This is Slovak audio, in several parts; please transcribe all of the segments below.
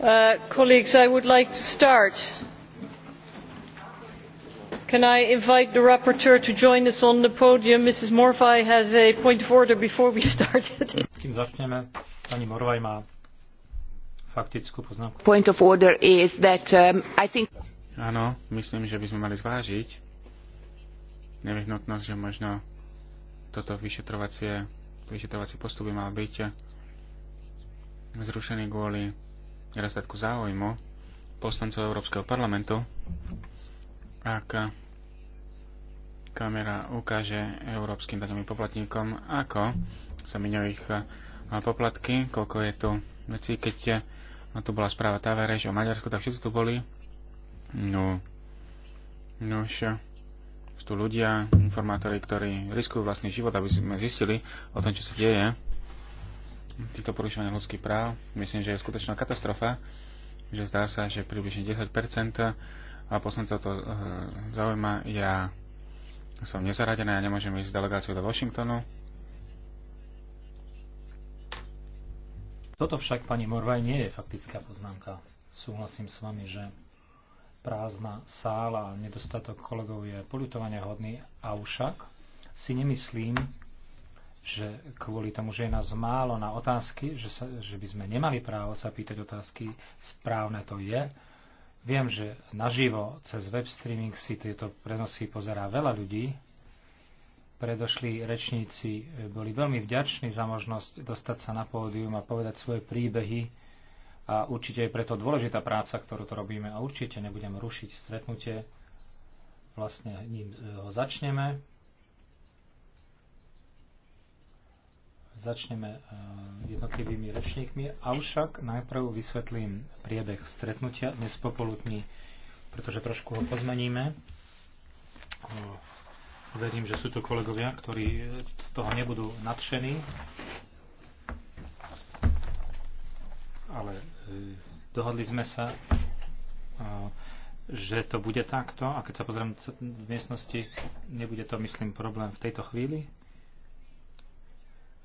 Uh, colleagues i would like to start. can i invite the rapporteur to join us on the podium? mrs morvai has a point of order before we start point of order is that um, i think. áno myslím že by sme mali zvážiť nevyhnutnosť že možno toto vyšetrovacie vyšetrovací postup by mal byť zrušený kvôli nedostatku záujmu poslancov Európskeho parlamentu, ak kamera ukáže európskym daňovým poplatníkom, ako sa miňujú ich poplatky, koľko je tu vecí, keď tu bola správa Tavereš o Maďarsku, tak všetci tu boli. No, no už sú tu ľudia, informátori, ktorí riskujú vlastný život, aby sme zistili o tom, čo sa deje týchto porušovania ľudských práv, myslím, že je skutočná katastrofa, že zdá sa, že približne 10% a poslancov to eh, zaujíma. Ja som nezaradená, ja nemôžem ísť s delegáciou do Washingtonu. Toto však, pani Morvaj, nie je faktická poznámka. Súhlasím s vami, že prázdna sála a nedostatok kolegov je polutovania hodný, a avšak si nemyslím, že kvôli tomu, že je nás málo na otázky, že, sa, že by sme nemali právo sa pýtať otázky, správne to je. Viem, že naživo cez web streaming si tieto prenosy pozerá veľa ľudí. Predošli rečníci boli veľmi vďační za možnosť dostať sa na pódium a povedať svoje príbehy. A určite je preto dôležitá práca, ktorú to robíme a určite nebudem rušiť stretnutie. Vlastne ním e, ho začneme. Začneme eh, jednotlivými rečníkmi, avšak najprv vysvetlím priebeh stretnutia dnes popoludní, pretože trošku ho pozmeníme. Eh, verím, že sú tu kolegovia, ktorí eh, z toho nebudú nadšení, ale dohodli sme sa, že to bude takto a keď sa pozriem v miestnosti, nebude to, myslím, problém v tejto chvíli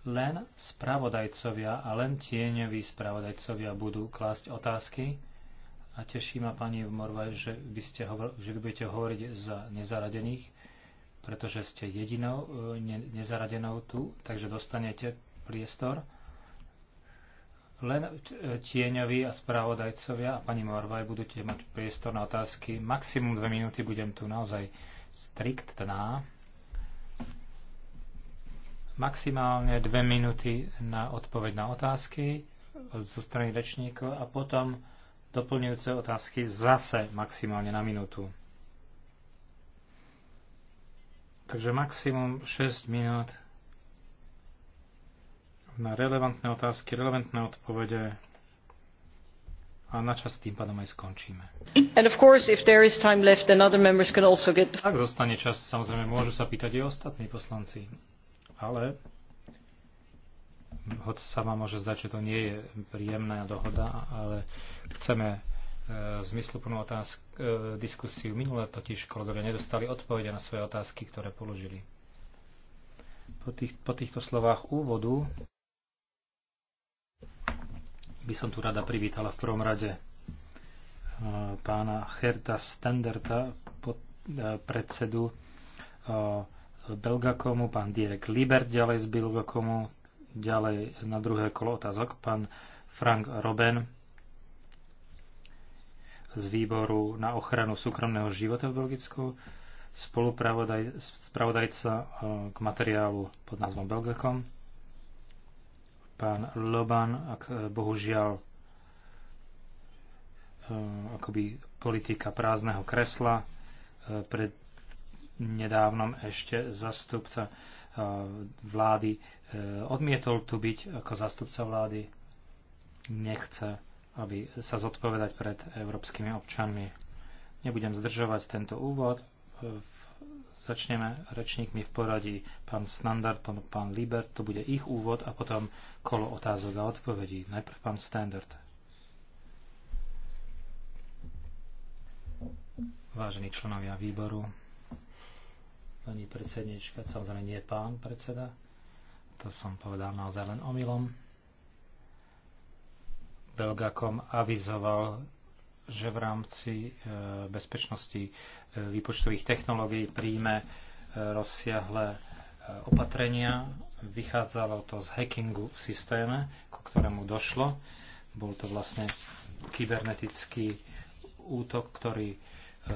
len spravodajcovia a len tieňoví spravodajcovia budú klásť otázky. A teší ma pani Morvaj, že vy, ste hovor, že vy budete hovoriť za nezaradených, pretože ste jedinou e, ne, nezaradenou tu, takže dostanete priestor. Len e, tieňoví a spravodajcovia a pani Morvaj budete mať priestor na otázky. Maximum dve minúty budem tu naozaj striktná maximálne dve minúty na odpoveď na otázky zo strany rečníkov a potom doplňujúce otázky zase maximálne na minútu. Takže maximum 6 minút na relevantné otázky, relevantné odpovede a na čas tým pádom aj skončíme. And of course, if there is time left, then other members can also get... Ak zostane čas, samozrejme, môžu sa pýtať i ostatní poslanci ale hoď sa vám môže zdať, že to nie je príjemná dohoda, ale chceme e, zmysluplnú otázku, e, diskusiu. Minule totiž kolegovia nedostali odpovede na svoje otázky, ktoré položili. Po, tých, po týchto slovách úvodu by som tu rada privítala v prvom rade e, pána Herta Standerta, predsedu Belgakomu, pán Direk Liber ďalej z Belgakomu, ďalej na druhé kolo otázok pán Frank Roben z výboru na ochranu súkromného života v Belgicku, spravodajca eh, k materiálu pod názvom Belgakom, pán Loban, ak eh, bohužiaľ eh, akoby politika prázdneho kresla pred nedávnom ešte zastupca eh, vlády eh, odmietol tu byť ako zastupca vlády. Nechce, aby sa zodpovedať pred európskymi občanmi. Nebudem zdržovať tento úvod. Eh, začneme rečníkmi v poradí pán Standard, pán, pán Liber, to bude ich úvod a potom kolo otázok a odpovedí. Najprv pán Standard. Vážení členovia výboru, pani predsednička, samozrejme nie pán predseda, to som povedal naozaj len omylom. Belgakom avizoval, že v rámci e, bezpečnosti e, výpočtových technológií príjme e, rozsiahle opatrenia. Vychádzalo to z hackingu v systéme, ku ktorému došlo. Bol to vlastne kybernetický útok, ktorý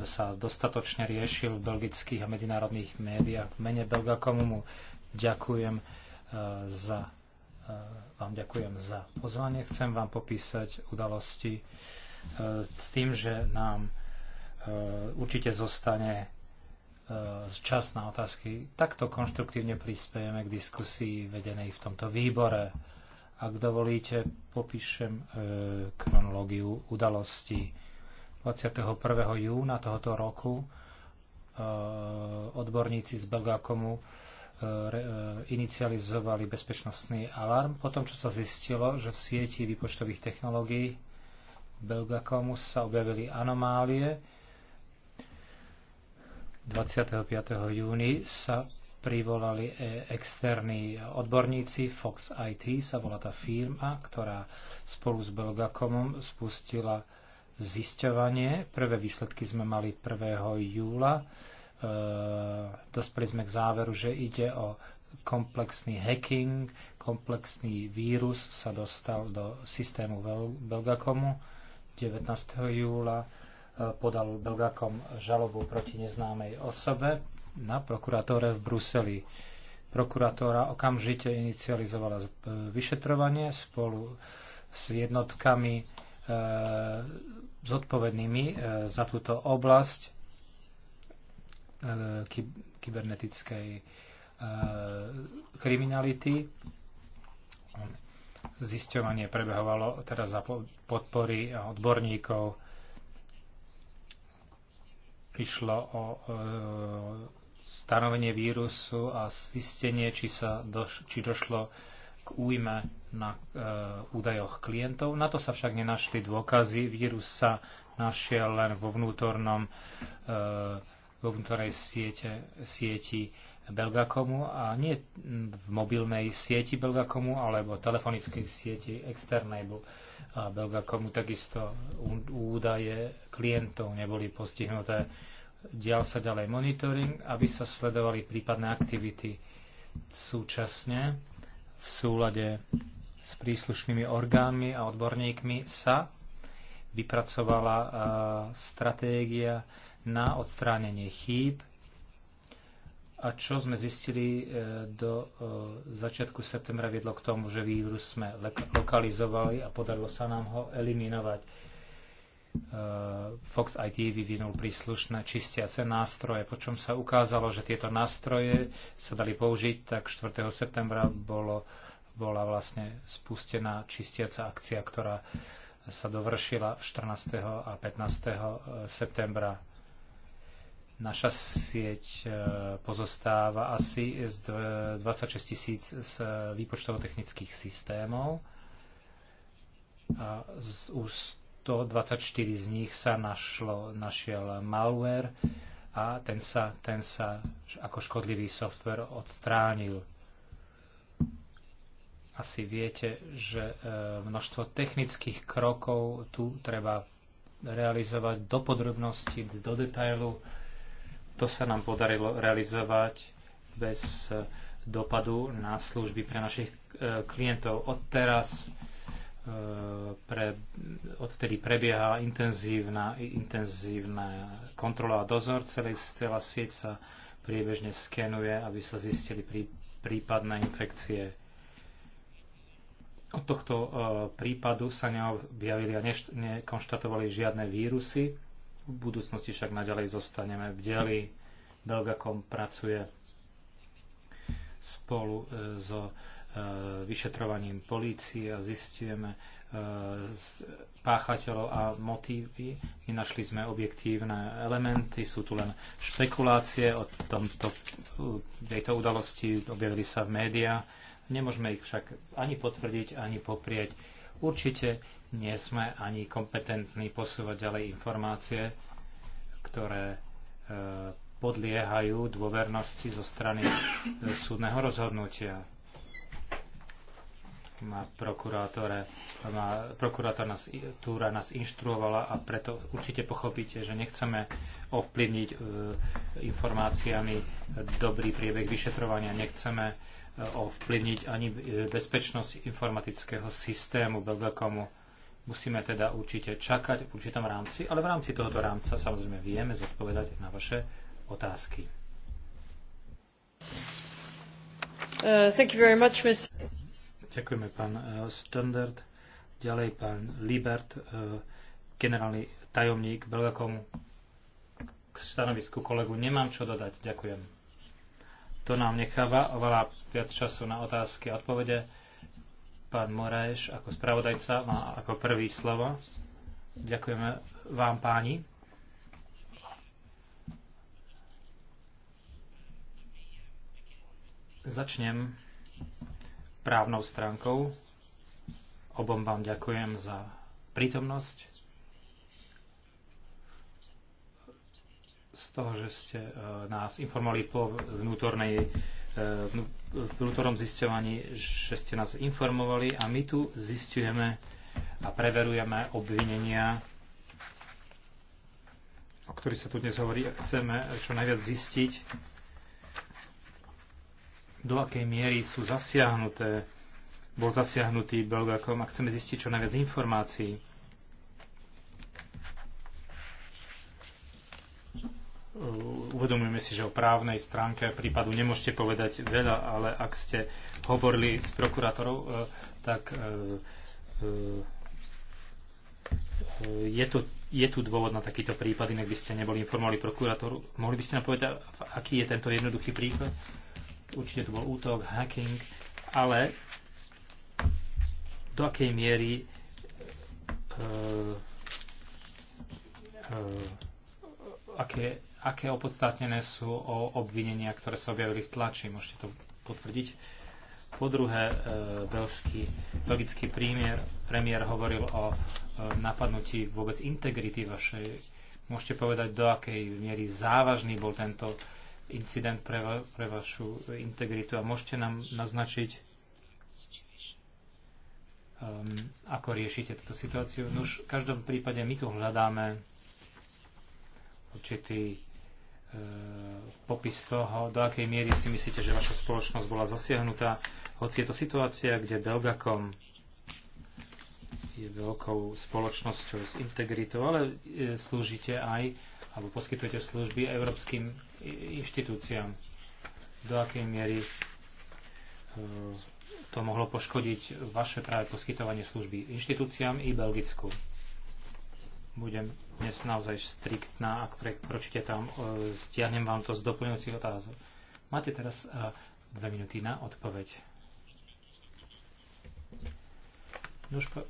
sa dostatočne riešil v belgických a medzinárodných médiách. V mene Belgakomu mu ďakujem e, za, e, vám ďakujem za pozvanie. Chcem vám popísať udalosti e, s tým, že nám určite zostane čas na otázky. Takto konštruktívne prispiejeme k diskusii vedenej v tomto výbore. Ak dovolíte, popíšem kronológiu udalostí 21. júna tohoto roku e, odborníci z Belgakomu e, e, inicializovali bezpečnostný alarm. Potom, čo sa zistilo, že v sieti výpočtových technológií Belgakomu sa objavili anomálie, 25. júni sa privolali externí odborníci, Fox IT sa volá tá firma, ktorá spolu s Belgakomom spustila zisťovanie. Prvé výsledky sme mali 1. júla. E, dospeli sme k záveru, že ide o komplexný hacking, komplexný vírus sa dostal do systému Bel- Belgakomu 19. júla. E, podal Belgakom žalobu proti neznámej osobe na prokurátore v Bruseli. Prokurátora okamžite inicializovala e, vyšetrovanie spolu s jednotkami e, zodpovednými e, za túto oblasť e, kybernetickej e, kriminality. Zisťovanie prebehovalo teraz za podpory odborníkov. Išlo o stanovenie vírusu a zistenie, či, sa doš- či došlo k újme na e, údajoch klientov. Na to sa však nenašli dôkazy. Vírus sa našiel len vo vnútornom e, vo vnútornej siete, sieti Belgakomu a nie v mobilnej sieti Belgakomu alebo telefonickej sieti externej Belgakomu. Takisto údaje klientov neboli postihnuté. Dial sa ďalej monitoring, aby sa sledovali prípadné aktivity súčasne v súlade s príslušnými orgánmi a odborníkmi sa vypracovala e, stratégia na odstránenie chýb. A čo sme zistili e, do e, začiatku septembra viedlo k tomu, že vírus sme lokalizovali a podarilo sa nám ho eliminovať Eh, Fox IT vyvinul príslušné čistiace nástroje, po čom sa ukázalo, že tieto nástroje sa dali použiť, tak 4. septembra bolo, bola vlastne spustená čistiaca akcia, ktorá sa dovršila 14. a 15. Eh, septembra. Naša sieť eh, pozostáva asi z 26 tisíc z výpočtovotechnických systémov a z úst 124 z nich sa našlo, našiel malware a ten sa, ten sa ako škodlivý software odstránil. Asi viete, že e, množstvo technických krokov tu treba realizovať do podrobnosti, do detailu. To sa nám podarilo realizovať bez e, dopadu na služby pre našich e, klientov. Od teraz pre, odtedy prebieha intenzívna, intenzívna kontrola a dozor. Celé celá sieť sa priebežne skenuje, aby sa zistili prí, prípadné infekcie. Od tohto e, prípadu sa neobjavili a neš, nekonštatovali žiadne vírusy. V budúcnosti však naďalej zostaneme v deli. Belgakom pracuje spolu e, so E, vyšetrovaním polície a zistujeme e, páchateľov a motívy. Našli sme objektívne elementy, sú tu len špekulácie o tomto, e, tejto udalosti, objavili sa v médiách. Nemôžeme ich však ani potvrdiť, ani poprieť. Určite nie sme ani kompetentní posúvať ďalej informácie, ktoré podliehajú dôvernosti zo strany súdneho rozhodnutia má prokurátore, má, prokurátor nás, túra nás inštruovala a preto určite pochopíte, že nechceme ovplyvniť e, informáciami dobrý priebeh vyšetrovania, nechceme e, ovplyvniť ani e, bezpečnosť informatického systému Belgakomu. Musíme teda určite čakať v určitom rámci, ale v rámci tohoto rámca samozrejme vieme zodpovedať na vaše otázky. Uh, thank you very much, Ms. Ďakujeme, pán e, Standard. Ďalej pán Libert, e, generálny tajomník Belgakom. K stanovisku kolegu nemám čo dodať. Ďakujem. To nám necháva oveľa viac času na otázky a odpovede. Pán Moraeš ako spravodajca má ako prvý slovo. Ďakujeme vám, páni. Začnem právnou stránkou. Obom vám ďakujem za prítomnosť. Z toho, že ste e, nás informovali po vnútornej e, v vnútornom zisťovaní, že ste nás informovali a my tu zistujeme a preverujeme obvinenia, o ktorých sa tu dnes hovorí a chceme čo najviac zistiť do akej miery sú zasiahnuté, bol zasiahnutý Belgakom a chceme zistiť čo najviac informácií. Uvedomujeme si, že o právnej stránke prípadu nemôžete povedať veľa, ale ak ste hovorili s prokurátorou, e, tak e, e, je tu, je tu dôvod na takýto prípad, inak by ste neboli informovali prokurátoru. Mohli by ste nám povedať, aký je tento jednoduchý príklad? Určite to bol útok, hacking, ale do akej miery uh, uh, aké, aké opodstatnené sú o obvinenia, ktoré sa objavili v tlači. Môžete to potvrdiť. Po druhé, uh, belský, logický prímier, premiér hovoril o uh, napadnutí vôbec integrity vašej. Môžete povedať, do akej miery závažný bol tento incident pre, va, pre vašu integritu a môžete nám naznačiť, um, ako riešite túto situáciu. No už v každom prípade my tu hľadáme určitý e, popis toho, do akej miery si myslíte, že vaša spoločnosť bola zasiahnutá, hoci je to situácia, kde Belgakom je veľkou spoločnosťou s integritou, ale e, slúžite aj alebo poskytujete služby európskym inštitúciám. Do akej miery e, to mohlo poškodiť vaše práve poskytovanie služby inštitúciám i Belgicku. Budem dnes naozaj striktná, ak prekročíte tam, e, stiahnem vám to z doplňujúcich otázok. Máte teraz e, dve minúty na odpoveď. Nožko,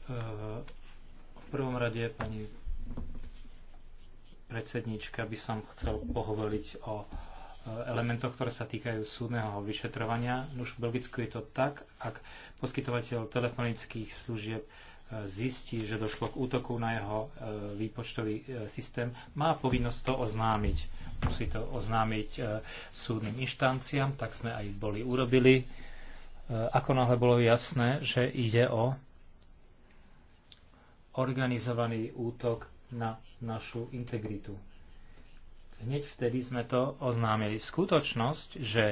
v prvom rade, pani predsedníčka, by som chcel pohovoriť o e, elementoch, ktoré sa týkajú súdneho vyšetrovania. Už v Belgicku je to tak, ak poskytovateľ telefonických služieb e, zistí, že došlo k útoku na jeho e, výpočtový systém, má povinnosť to oznámiť. Musí to oznámiť súdnym inštanciám, tak sme aj boli urobili. Ako náhle bolo jasné, že ide o organizovaný útok na našu integritu. Hneď vtedy sme to oznámili. Skutočnosť, že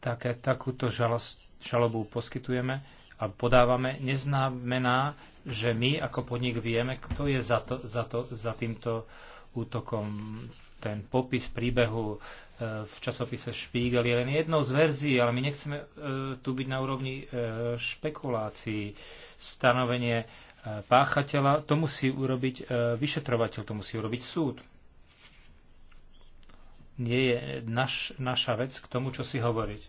také, takúto žalost, žalobu poskytujeme a podávame, neznamená, že my ako podnik vieme, kto je za, to, za, to, za týmto útokom. Ten popis príbehu e, v časopise Špígel je len jednou z verzií, ale my nechceme e, tu byť na úrovni e, špekulácií. Stanovenie E, páchateľa, to musí urobiť e, vyšetrovateľ, to musí urobiť súd. Nie je naš, naša vec k tomu, čo si hovoriť.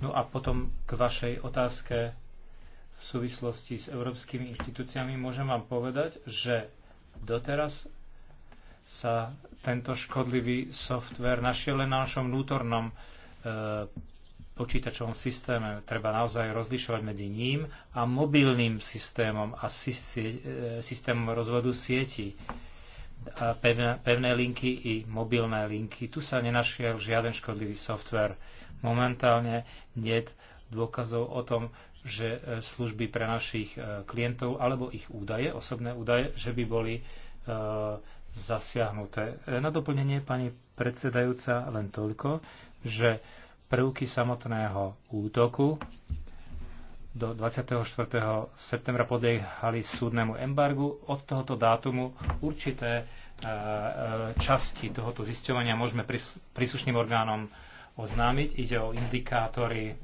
No a potom k vašej otázke v súvislosti s európskymi inštitúciami môžem vám povedať, že doteraz sa tento škodlivý software našiel len na našom vnútornom e, počítačovom systéme. Treba naozaj rozlišovať medzi ním a mobilným systémom a e, systémom rozvodu sieti. A pevné, pevné linky i mobilné linky. Tu sa nenašiel žiaden škodlivý software. Momentálne nie dôkazov o tom, že e, služby pre našich e, klientov alebo ich údaje, osobné údaje, že by boli e, zasiahnuté. Na doplnenie, pani predsedajúca, len toľko, že prvky samotného útoku. Do 24. septembra podliehali súdnemu embargu. Od tohoto dátumu určité e, e, časti tohoto zisťovania môžeme príslušným orgánom oznámiť. Ide o indikátory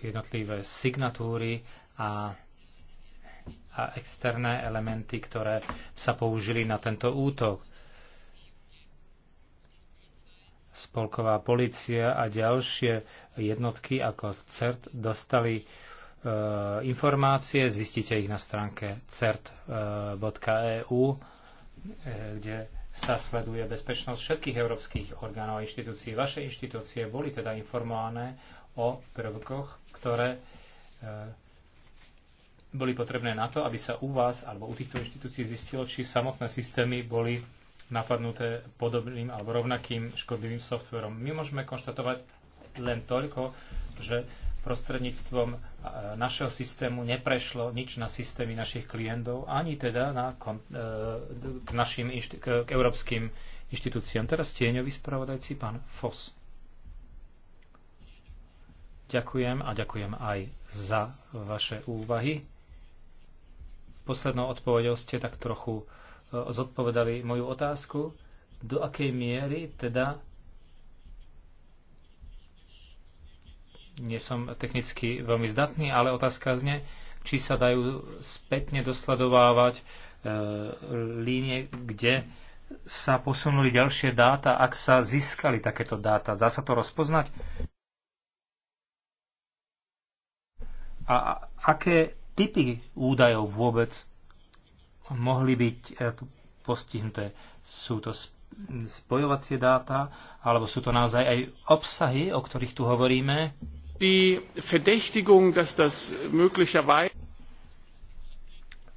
jednotlivé signatúry a, a externé elementy, ktoré sa použili na tento útok spolková policia a ďalšie jednotky ako CERT dostali e, informácie, zistíte ich na stránke cert.eu, e, kde sa sleduje bezpečnosť všetkých európskych orgánov a inštitúcií. Vaše inštitúcie boli teda informované o prvkoch, ktoré e, boli potrebné na to, aby sa u vás alebo u týchto inštitúcií zistilo, či samotné systémy boli napadnuté podobným alebo rovnakým škodlivým softverom. My môžeme konštatovať len toľko, že prostredníctvom e, našeho systému neprešlo nič na systémy našich klientov, ani teda na, e, k, našim, k európskym inštitúciám. Teraz tieňový spravodajci pán Foss. Ďakujem a ďakujem aj za vaše úvahy. Poslednou odpovedou ste tak trochu uh, zodpovedali moju otázku, do akej miery teda nie som technicky veľmi zdatný, ale otázka zne, či sa dajú spätne dosledovávať e, línie, kde sa posunuli ďalšie dáta, ak sa získali takéto dáta. Dá sa to rozpoznať? A aké typy údajov vôbec mohli byť e, postihnuté. Sú to spojovacie dáta, alebo sú to naozaj aj obsahy, o ktorých tu hovoríme?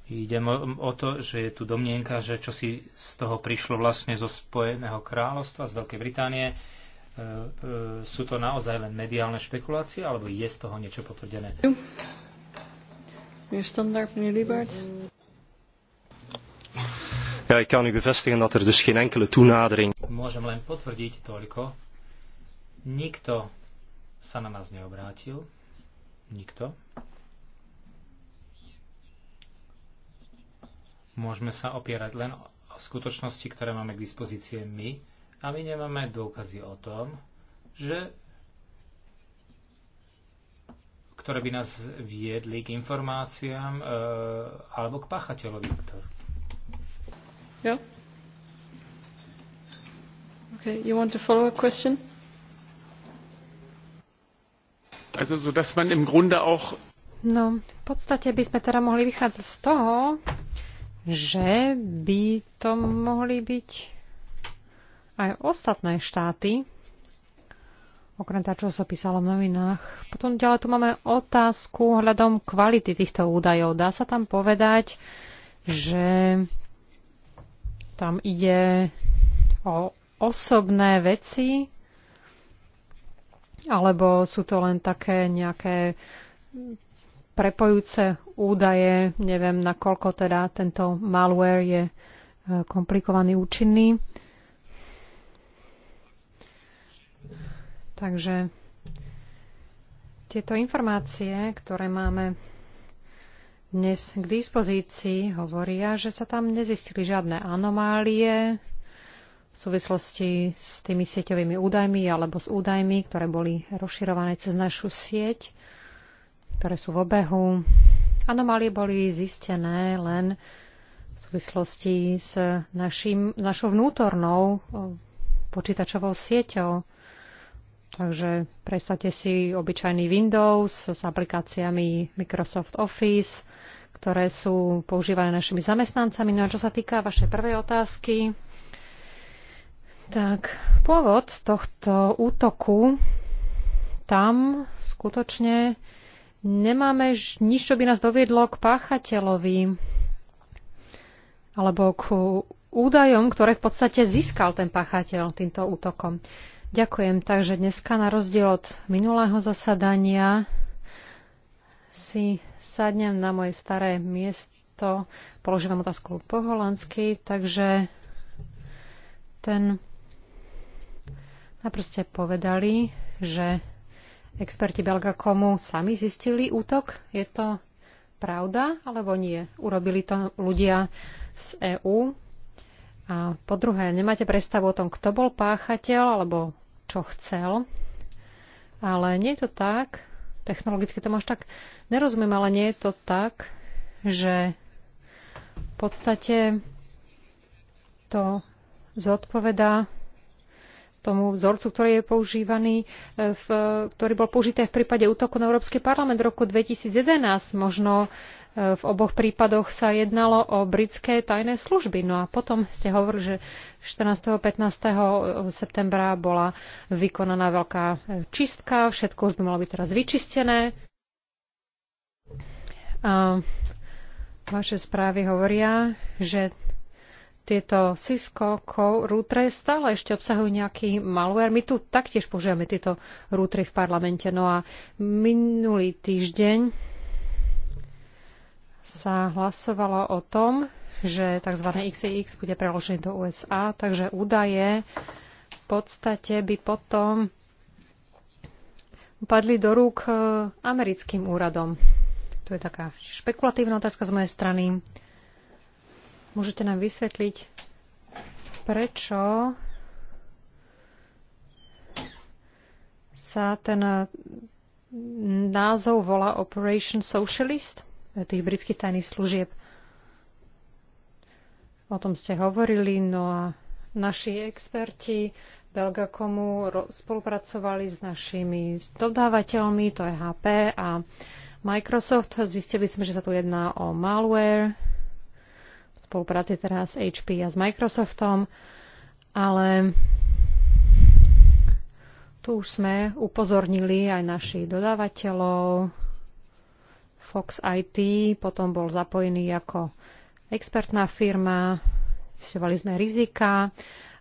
Ide o to, že je tu domnienka, že čo si z toho prišlo vlastne zo Spojeného kráľovstva, z Veľkej Británie, e, e, sú to naozaj len mediálne špekulácie, alebo je z toho niečo potvrdené? Liebert. Ja, ik kan u bevestigen dat er dus geen enkele toenadering... Môžem len potvrdiť toľko. Nikto sa na nás neobrátil. Nikto. Môžeme sa opierať len o skutočnosti, ktoré máme k dispozície my. A my nemáme dôkazy o tom, že ktoré by nás viedli k informáciám e, alebo k páchateľovi, Yeah? Okay, you want to follow a question? Also, so dass man im Grunde auch No, v podstate by sme teda mohli vychádzať z toho, že by to mohli byť aj ostatné štáty, okrem toho, čo sa písalo v novinách. Potom ďalej tu máme otázku hľadom kvality týchto údajov. Dá sa tam povedať, že tam ide o osobné veci, alebo sú to len také nejaké prepojúce údaje. Neviem, nakoľko teda tento malware je e, komplikovaný účinný. Takže tieto informácie, ktoré máme dnes k dispozícii, hovoria, že sa tam nezistili žiadne anomálie v súvislosti s tými sieťovými údajmi alebo s údajmi, ktoré boli rozširované cez našu sieť, ktoré sú v obehu. Anomálie boli zistené len v súvislosti s našim, našou vnútornou počítačovou sieťou. Takže predstavte si obyčajný Windows s aplikáciami Microsoft Office, ktoré sú používané našimi zamestnancami. No a čo sa týka vašej prvej otázky, tak pôvod tohto útoku tam skutočne nemáme nič, čo by nás doviedlo k páchateľovi alebo k údajom, ktoré v podstate získal ten páchateľ týmto útokom. Ďakujem. Takže dneska na rozdiel od minulého zasadania si sadnem na moje staré miesto, položím vám otázku po holandsky, takže ten najprv povedali, že experti Belgakomu sami zistili útok. Je to pravda alebo nie? Urobili to ľudia z EÚ? A po druhé, nemáte predstavu o tom, kto bol páchateľ alebo čo chcel. Ale nie je to tak, technologicky tomu až tak nerozumiem, ale nie je to tak, že v podstate to zodpoveda tomu vzorcu, ktorý je používaný, e, v, ktorý bol použitý v prípade útoku na Európsky parlament v roku 2011. Možno v oboch prípadoch sa jednalo o britské tajné služby. No a potom ste hovorili, že 14. 15. septembra bola vykonaná veľká čistka, všetko už by malo byť teraz vyčistené. A vaše správy hovoria, že tieto Cisco routere stále ešte obsahujú nejaký malware. My tu taktiež používame tieto routery v parlamente. No a minulý týždeň sa hlasovalo o tom, že tzv. XIX bude preložený do USA, takže údaje v podstate by potom padli do rúk e, americkým úradom. To je taká špekulatívna otázka z mojej strany. Môžete nám vysvetliť, prečo sa ten názov volá Operation Socialist? tých britských tajných služieb. O tom ste hovorili, no a naši experti Belgakomu spolupracovali s našimi dodávateľmi, to je HP a Microsoft. Zistili sme, že sa tu jedná o malware, v spolupráci teraz HP a s Microsoftom, ale tu už sme upozornili aj našich dodávateľov, Fox IT potom bol zapojený ako expertná firma, zistovali sme rizika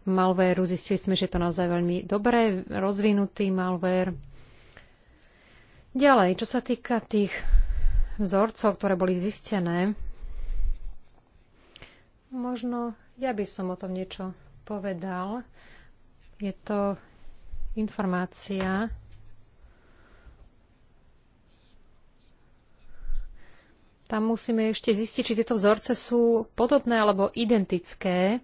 malvéru, zistili sme, že je to naozaj veľmi dobre rozvinutý malvér. Ďalej, čo sa týka tých vzorcov, ktoré boli zistené, možno ja by som o tom niečo povedal. Je to informácia, tam musíme ešte zistiť, či tieto vzorce sú podobné alebo identické,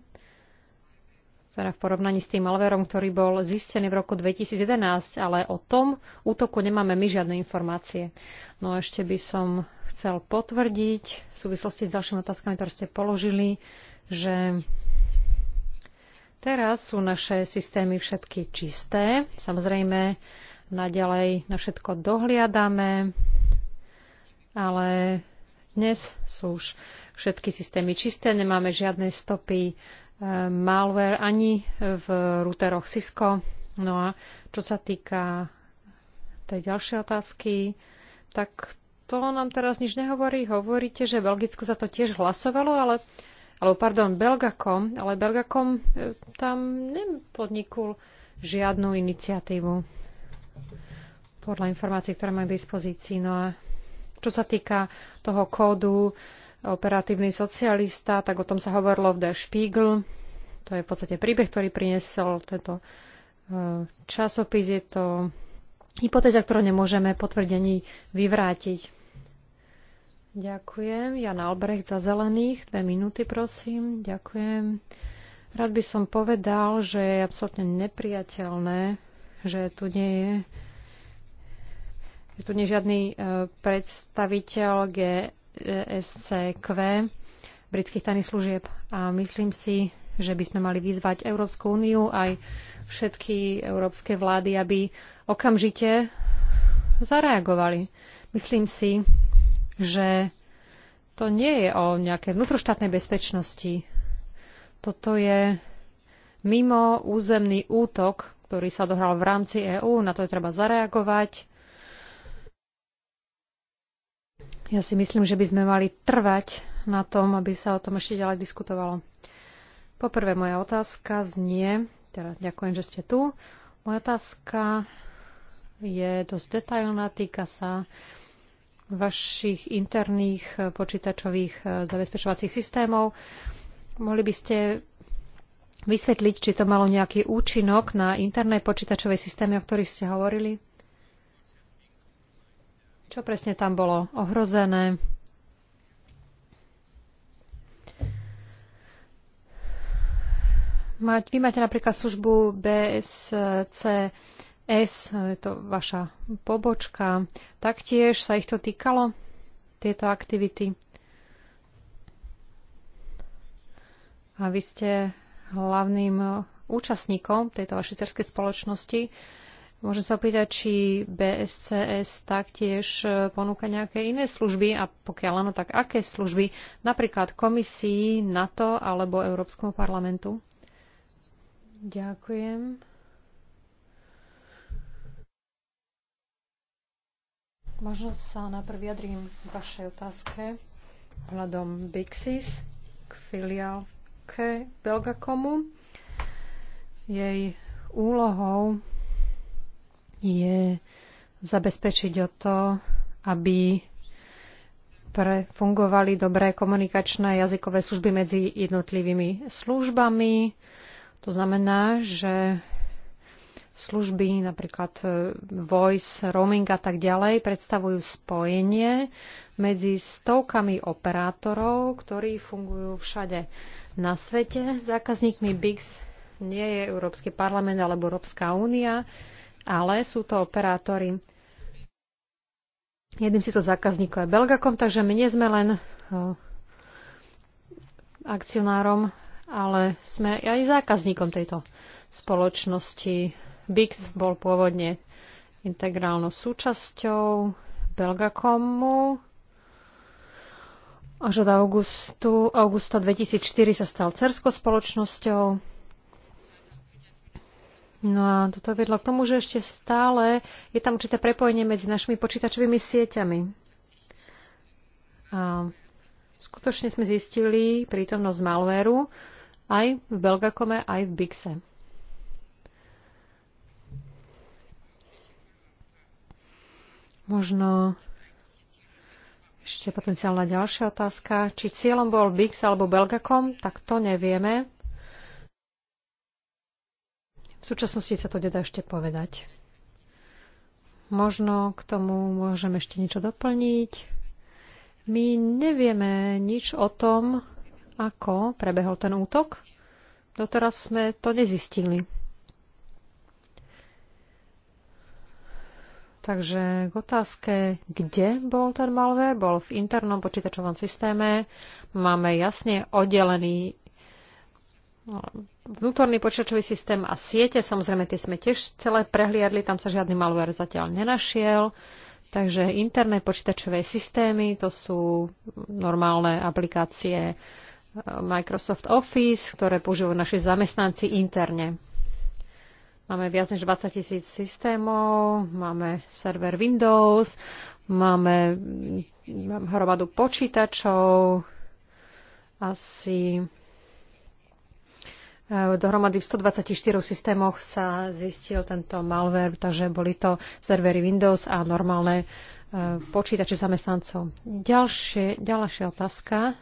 teda v porovnaní s tým malverom, ktorý bol zistený v roku 2011, ale o tom útoku nemáme my žiadne informácie. No a ešte by som chcel potvrdiť v súvislosti s ďalšími otázkami, ktoré ste položili, že teraz sú naše systémy všetky čisté. Samozrejme, naďalej na všetko dohliadame, ale dnes sú už všetky systémy čisté, nemáme žiadne stopy eh, malware ani v routeroch Cisco. No a čo sa týka tej ďalšej otázky, tak to nám teraz nič nehovorí. Hovoríte, že Belgicko za to tiež hlasovalo, ale alebo pardon, Belgakom, ale Belgakom eh, tam nepodnikul žiadnu iniciatívu podľa informácií, ktoré mám k dispozícii. No a čo sa týka toho kódu operatívny socialista, tak o tom sa hovorilo v Der Spiegel. To je v podstate príbeh, ktorý priniesol tento e, časopis. Je to hypotéza, ktorú nemôžeme potvrdení vyvrátiť. Ďakujem. Jan Albrecht za zelených. Dve minúty, prosím. Ďakujem. Rád by som povedal, že je absolútne nepriateľné, že tu nie je je tu nežiadny e, predstaviteľ GSCQ, e britských tajných služieb. A myslím si, že by sme mali vyzvať Európsku úniu aj všetky európske vlády, aby okamžite zareagovali. Myslím si, že to nie je o nejaké vnútroštátnej bezpečnosti. Toto je mimo územný útok, ktorý sa dohral v rámci EÚ, na to je treba zareagovať Ja si myslím, že by sme mali trvať na tom, aby sa o tom ešte ďalej diskutovalo. Poprvé moja otázka znie, teda ďakujem, že ste tu. Moja otázka je dosť detailná, týka sa vašich interných počítačových e, zabezpečovacích systémov. Mohli by ste vysvetliť, či to malo nejaký účinok na interné počítačové systémy, o ktorých ste hovorili? čo presne tam bolo ohrozené. Mať, vy máte napríklad službu BSCS, je to vaša pobočka. Taktiež sa ich to týkalo, tieto aktivity. A vy ste hlavným účastníkom tejto vašej cerskej spoločnosti. Môžem sa opýtať, či BSCS taktiež e, ponúka nejaké iné služby a pokiaľ áno, tak aké služby napríklad komisii, NATO alebo Európskemu parlamentu? Ďakujem. Možno sa najprv vyjadrím k vašej otázke hľadom Bixis k filiálke Belgakomu. Jej úlohou je zabezpečiť o to, aby pre fungovali dobré komunikačné jazykové služby medzi jednotlivými službami. To znamená, že služby, napríklad e, voice, roaming a tak ďalej, predstavujú spojenie medzi stovkami operátorov, ktorí fungujú všade na svete. Zákazníkmi BIX nie je Európsky parlament alebo Európska únia, ale sú to operátori. Jedným si to zákazníkom je Belgakom, takže my nie sme len eh, akcionárom, ale sme aj zákazníkom tejto spoločnosti. BIX bol pôvodne integrálnou súčasťou Belgakomu. Až od augustu, augusta 2004 sa stal cerskou spoločnosťou No a toto vedlo k tomu, že ešte stále je tam určité prepojenie medzi našimi počítačovými sieťami. A skutočne sme zistili prítomnosť malvéru aj v Belgakome, aj v Bixe. Možno ešte potenciálna ďalšia otázka. Či cieľom bol Bix alebo Belgakom, tak to nevieme. V súčasnosti sa to nedá ešte povedať. Možno k tomu môžeme ešte niečo doplniť. My nevieme nič o tom, ako prebehol ten útok. Doteraz sme to nezistili. Takže k otázke, kde bol ten malware, bol v internom počítačovom systéme. Máme jasne oddelený vnútorný počítačový systém a siete, samozrejme tie sme tiež celé prehliadli, tam sa žiadny malware zatiaľ nenašiel. Takže interné počítačové systémy, to sú normálne aplikácie e, Microsoft Office, ktoré používajú naši zamestnanci interne. Máme viac než 20 tisíc systémov, máme server Windows, máme hromadu počítačov, asi Eh, dohromady v 124 systémoch sa zistil tento malware, takže boli to servery Windows a normálne eh, počítače zamestnancov. Ďalšie, ďalšia otázka,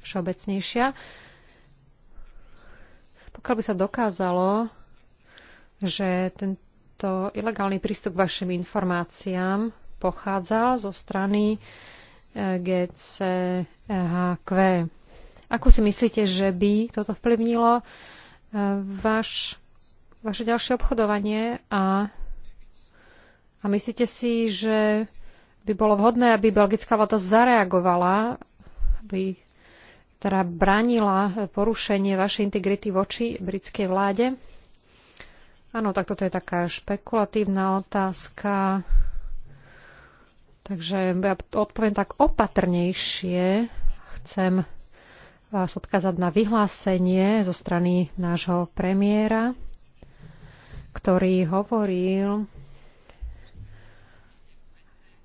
všeobecnejšia. Pokiaľ by sa dokázalo, že tento ilegálny prístup k vašim informáciám pochádzal zo strany eh, GCHQ, ako si myslíte, že by toto vplyvnilo váš, vaše ďalšie obchodovanie a, a myslíte si, že by bolo vhodné, aby belgická vláda zareagovala, aby teda bránila porušenie vašej integrity voči britskej vláde? Áno, tak toto je taká špekulatívna otázka. Takže ja odpoviem tak opatrnejšie. Chcem vás odkázať na vyhlásenie zo strany nášho premiéra, ktorý hovoril,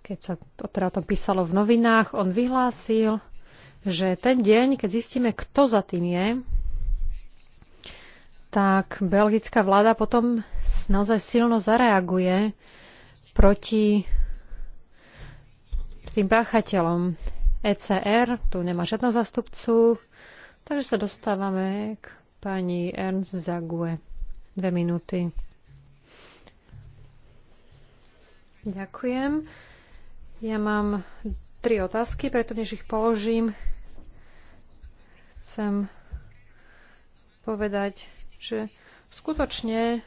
keď sa to, teda o tom písalo v novinách, on vyhlásil, že ten deň, keď zistíme, kto za tým je, tak belgická vláda potom naozaj silno zareaguje proti tým páchateľom. ECR tu nemá žiadno zastupcu, Takže sa dostávame k pani Ernst Zague. Dve minúty. Ďakujem. Ja mám tri otázky, preto než ich položím, chcem povedať, že skutočne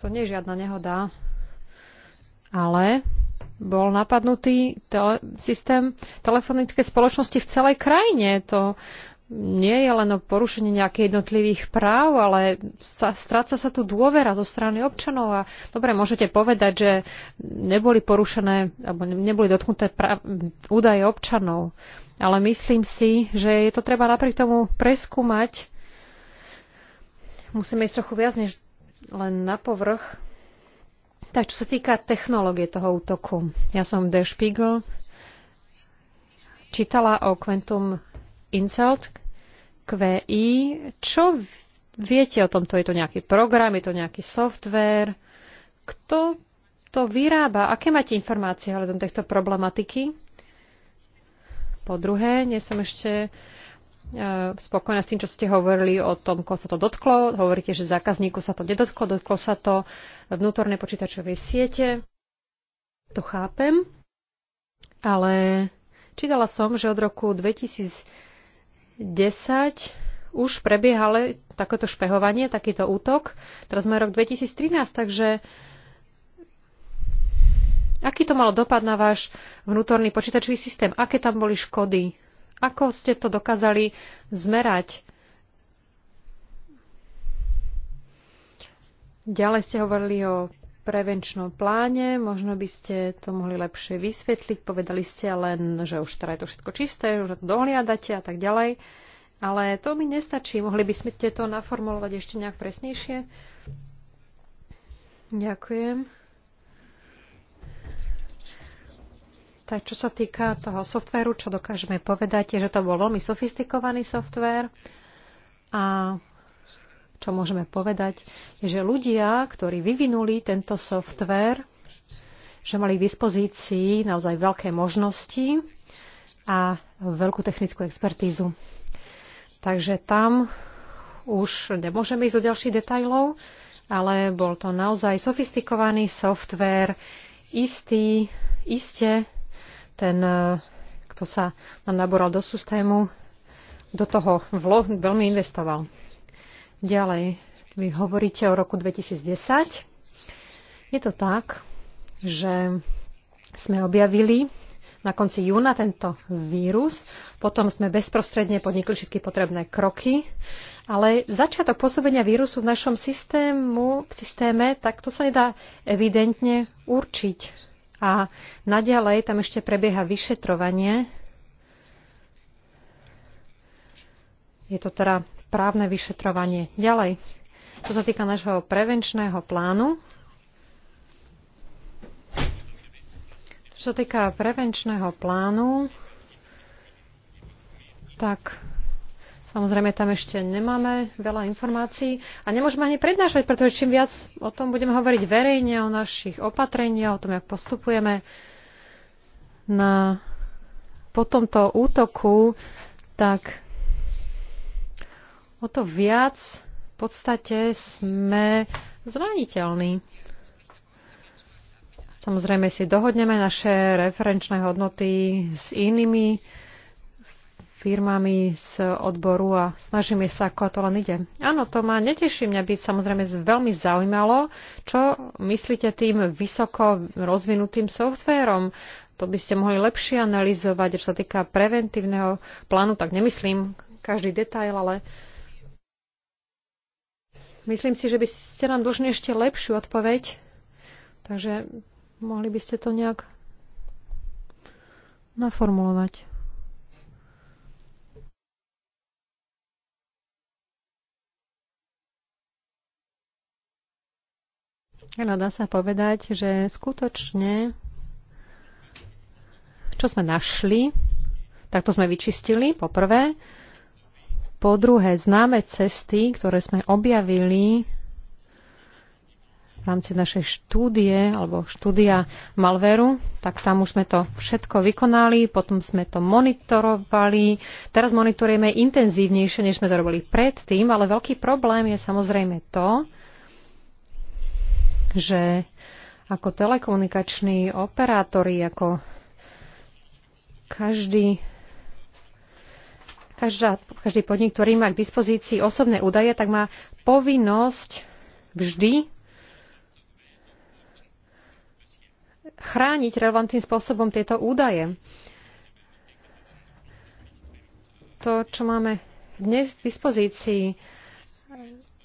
to nie je žiadna nehoda, ale bol napadnutý tele, systém telefonickej spoločnosti v celej krajine. To nie je len o porušení nejakých jednotlivých práv, ale sa, stráca sa tu dôvera zo strany občanov a dobre, môžete povedať, že neboli porušené alebo neboli dotknuté práv, údaje občanov, ale myslím si, že je to treba napriek tomu preskúmať. Musíme ísť trochu viac než len na povrch tak čo sa týka technológie toho útoku, ja som Der Spiegel čítala o Quantum Insult QI. Čo viete o tomto? Je to nejaký program, je to nejaký software? Kto to vyrába? Aké máte informácie o tejto problematiky? Po druhé, nie som ešte E, spokojná s tým, čo ste hovorili o tom, koho sa to dotklo. Hovoríte, že zákazníku sa to nedotklo, dotklo sa to vnútornej počítačovej siete. To chápem. Ale čítala som, že od roku 2010 už prebiehalo takéto špehovanie, takýto útok. Teraz sme rok 2013, takže aký to malo dopad na váš vnútorný počítačový systém? Aké tam boli škody? Ako ste to dokázali zmerať? Ďalej ste hovorili o prevenčnom pláne, možno by ste to mohli lepšie vysvetliť. Povedali ste len, že už teda je to všetko čisté, že to dohliadate a tak ďalej. Ale to mi nestačí. Mohli by ste to naformulovať ešte nejak presnejšie? Ďakujem. Tak čo sa týka toho softvéru, čo dokážeme povedať, je, že to bol veľmi sofistikovaný softvér a čo môžeme povedať, je, že ľudia, ktorí vyvinuli tento softvér, že mali k dispozícii naozaj veľké možnosti a veľkú technickú expertízu. Takže tam už nemôžeme ísť do ďalších detajlov, ale bol to naozaj sofistikovaný softvér, istý, iste ten, e, kto sa nám naboral do systému, do toho vlo- veľmi investoval. Ďalej, vy hovoríte o roku 2010. Je to tak, že sme objavili na konci júna tento vírus, potom sme bezprostredne podnikli všetky potrebné kroky, ale začiatok pôsobenia vírusu v našom systému, v systéme, tak to sa nedá evidentne určiť a naďalej tam ešte prebieha vyšetrovanie. Je to teda právne vyšetrovanie. Ďalej, čo sa týka nášho prevenčného plánu, čo sa týka prevenčného plánu, tak Samozrejme, tam ešte nemáme veľa informácií a nemôžeme ani prednášať, pretože čím viac o tom budeme hovoriť verejne, o našich opatreniach, o tom, jak postupujeme na, po tomto útoku, tak o to viac v podstate sme zraniteľní. Samozrejme si dohodneme naše referenčné hodnoty s inými firmami z odboru a snažíme sa, ako to len ide. Áno, to ma neteší mňa byť samozrejme veľmi zaujímalo, čo myslíte tým vysoko rozvinutým softvérom. To by ste mohli lepšie analyzovať, čo sa týka preventívneho plánu, tak nemyslím každý detail, ale myslím si, že by ste nám dlžili ešte lepšiu odpoveď. Takže mohli by ste to nejak naformulovať. Ale dá sa povedať, že skutočne, čo sme našli, tak to sme vyčistili, poprvé. Po druhé, známe cesty, ktoré sme objavili v rámci našej štúdie alebo štúdia malveru, tak tam už sme to všetko vykonali, potom sme to monitorovali. Teraz monitorujeme intenzívnejšie, než sme to robili predtým, ale veľký problém je samozrejme to, že ako telekomunikační operátori, ako každý každá, každý podnik, ktorý má k dispozícii osobné údaje, tak má povinnosť vždy chrániť relevantným spôsobom tieto údaje. To, čo máme dnes k dispozícii,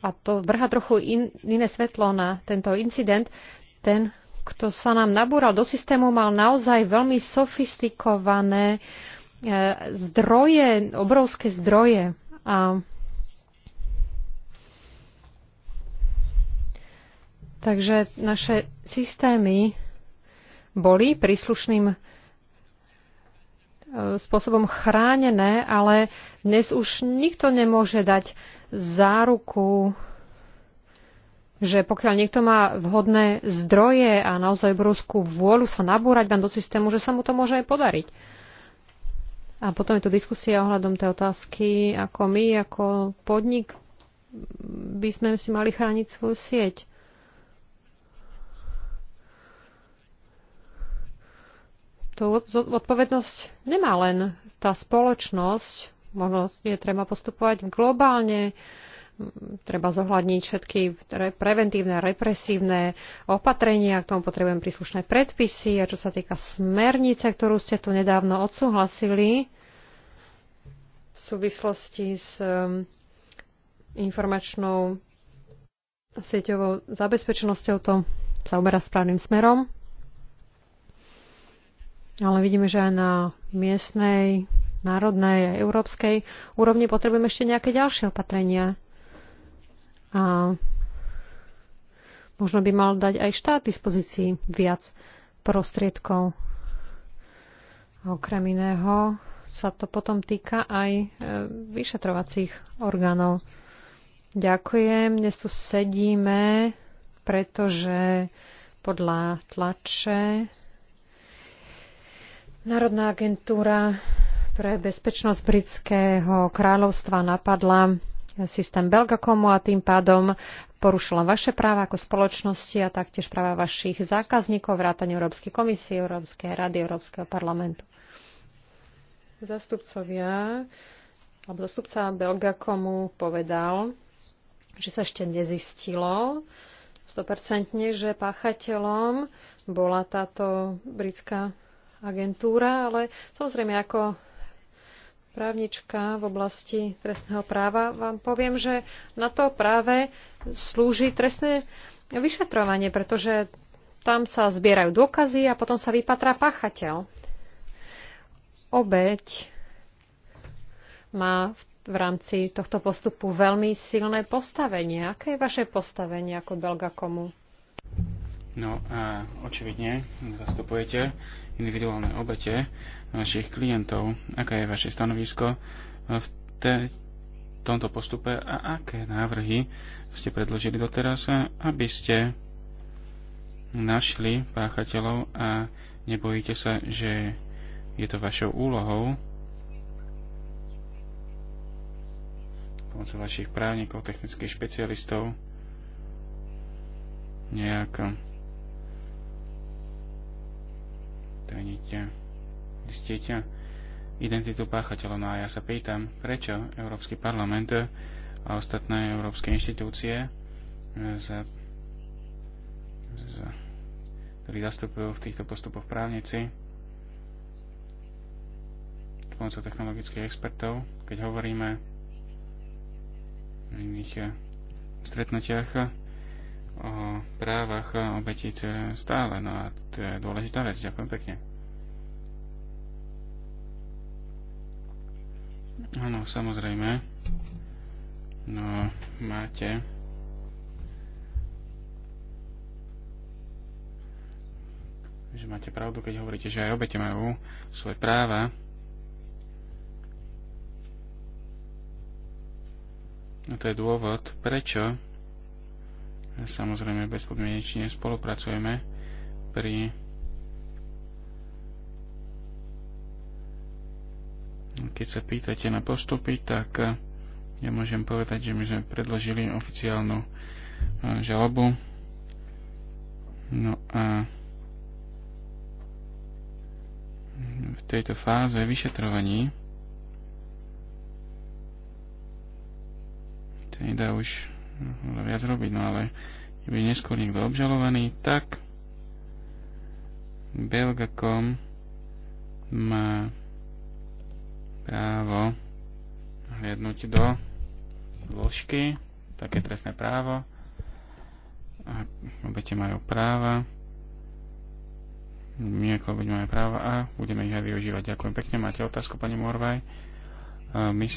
a to vrha trochu in, iné svetlo na tento incident, ten, kto sa nám nabúral do systému, mal naozaj veľmi sofistikované e, zdroje, obrovské zdroje. A Takže naše systémy boli príslušným E, spôsobom chránené, ale dnes už nikto nemôže dať záruku, že pokiaľ niekto má vhodné zdroje a naozaj brúskú vôľu sa nabúrať vám do systému, že sa mu to môže aj podariť. A potom je tu diskusia ohľadom tej otázky, ako my, ako podnik by sme si mali chrániť svoju sieť. tú odpovednosť nemá len tá spoločnosť, možno je treba postupovať globálne, treba zohľadniť všetky preventívne a represívne opatrenia, k tomu potrebujem príslušné predpisy a čo sa týka smernice, ktorú ste tu nedávno odsúhlasili v súvislosti s informačnou sieťovou zabezpečnosťou to sa uberá správnym smerom ale vidíme, že aj na miestnej, národnej a európskej úrovni potrebujeme ešte nejaké ďalšie opatrenia. A možno by mal dať aj štát dispozícii viac prostriedkov. A okrem iného sa to potom týka aj e, vyšetrovacích orgánov. Ďakujem, dnes tu sedíme, pretože podľa tlače Národná agentúra pre bezpečnosť britského kráľovstva napadla systém Belgakomu a tým pádom porušila vaše práva ako spoločnosti a taktiež práva vašich zákazníkov, vrátane Európskej komisie, Európskej rady, Európskeho parlamentu. Zastupcovia alebo zastupca Belgakomu povedal, že sa ešte nezistilo 100%, že páchateľom bola táto britská agentúra, ale samozrejme ako právnička v oblasti trestného práva vám poviem, že na to práve slúži trestné vyšetrovanie, pretože tam sa zbierajú dôkazy a potom sa vypatrá páchateľ. Obeď má v rámci tohto postupu veľmi silné postavenie. Aké je vaše postavenie ako belga komu? No a očividne zastupujete individuálne obete vašich klientov. Aké je vaše stanovisko v te, tomto postupe a aké návrhy ste predložili doteraz, aby ste našli páchateľov a nebojíte sa, že je to vašou úlohou pomocou vašich právnikov, technických špecialistov nejak tajniť zistiť identitu páchateľov. No a ja sa pýtam, prečo Európsky parlament a ostatné európske inštitúcie za, za, ktorí zastupujú v týchto postupoch právnici pomocou technologických expertov, keď hovoríme o iných stretnutiach, o právach obetí stále. No a to je dôležitá vec. Ďakujem pekne. Áno, samozrejme. No, máte že máte pravdu, keď hovoríte, že aj obete majú svoje práva. No to je dôvod, prečo Samozrejme, bezpodmienečne spolupracujeme pri keď sa pýtate na postupy, tak eh, ja môžem povedať, že my sme predložili oficiálnu eh, žalobu. No a v tejto fáze vyšetrovaní teda nedá už no, viac robiť, no ale keby neskôr niekto obžalovaný, tak Belgacom má právo hliadnúť do zložky, také trestné právo a obete majú práva my ako obete máme práva a budeme ich aj využívať. Ďakujem pekne. Máte otázku, pani Morvaj? Ehm, my,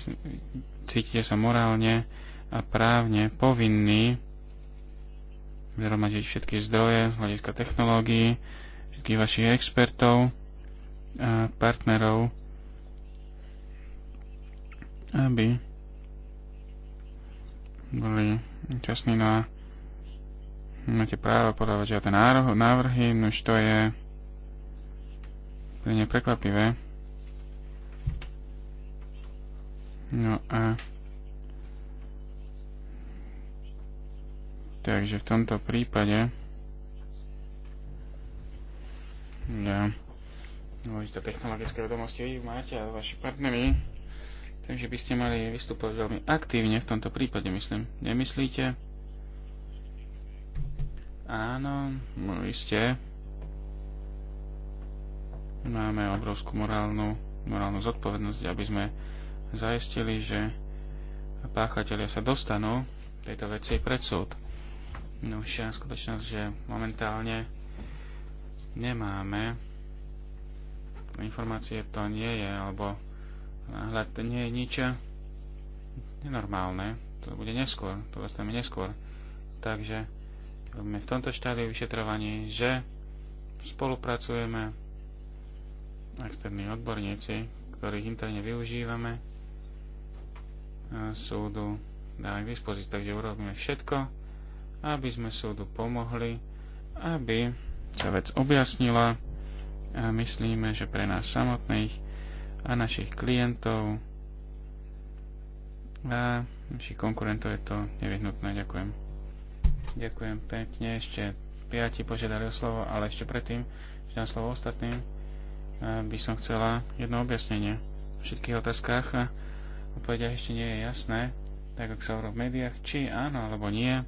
cítite sa morálne a právne povinní zhromažiť všetky zdroje z hľadiska technológií, všetkých vašich expertov, a partnerov, aby boli účastní na máte právo podávať žiadne návrhy, už to je úplne prekvapivé. No a Takže v tomto prípade ja, dôležité technologické vedomosti vy máte a vaši partnery takže by ste mali vystúpať veľmi aktívne v tomto prípade, myslím. Nemyslíte? Áno, ste Máme obrovskú morálnu, morálnu zodpovednosť, aby sme zaistili, že páchatelia sa dostanú tejto veci pred súd. No už skutočnosť, že momentálne nemáme informácie, to nie je, alebo náhľad to nie je nič nenormálne. To bude neskôr, to dostaneme neskôr. Takže robíme v tomto štádiu vyšetrovaní, že spolupracujeme externí odborníci, ktorých interne využívame súdu dá k dispozícii, takže urobíme všetko, aby sme súdu pomohli, aby sa vec objasnila a myslíme, že pre nás samotných a našich klientov a našich konkurentov je to nevyhnutné. Ďakujem. Ďakujem pekne. Ešte piati požiadali o slovo, ale ešte predtým, že dám slovo ostatným, by som chcela jedno objasnenie. V všetkých otázkach a odpovedia ešte nie je jasné, tak ako sa v médiách, či áno alebo nie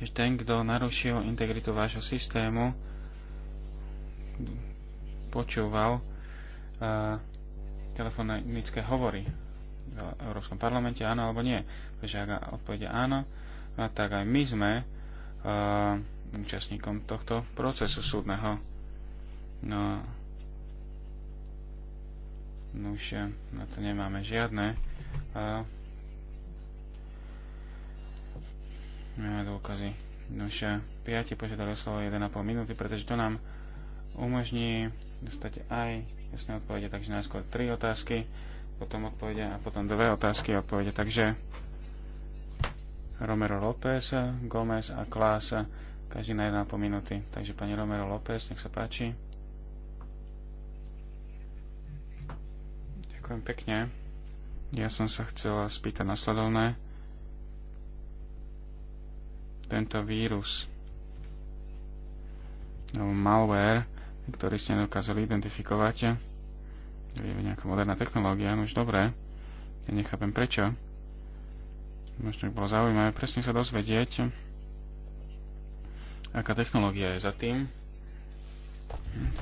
že ten, kto narušil integritu vášho systému, počúval uh, telefonické hovory v Európskom parlamente, áno alebo nie. Takže ak odpovede áno, a tak aj my sme uh, účastníkom tohto procesu súdneho. No, no už e, na to nemáme žiadne uh, Máme dôkazy. Nože, piati požiadali slovo 1,5 minúty, pretože to nám umožní dostať aj jasné odpovede, takže najskôr tri otázky, potom odpovede a potom dve otázky a odpovede. Takže Romero López, Gomez a Klás, každý na 1,5 minúty. Takže pani Romero López, nech sa páči. Ďakujem pekne. Ja som sa chcela spýtať nasledovné tento vírus alebo no, malware, ktorý ste nedokázali identifikovať, je nejaká moderná technológia, no už dobré, ja nechápem prečo. Možno by bolo zaujímavé presne sa dozvedieť, aká technológia je za tým.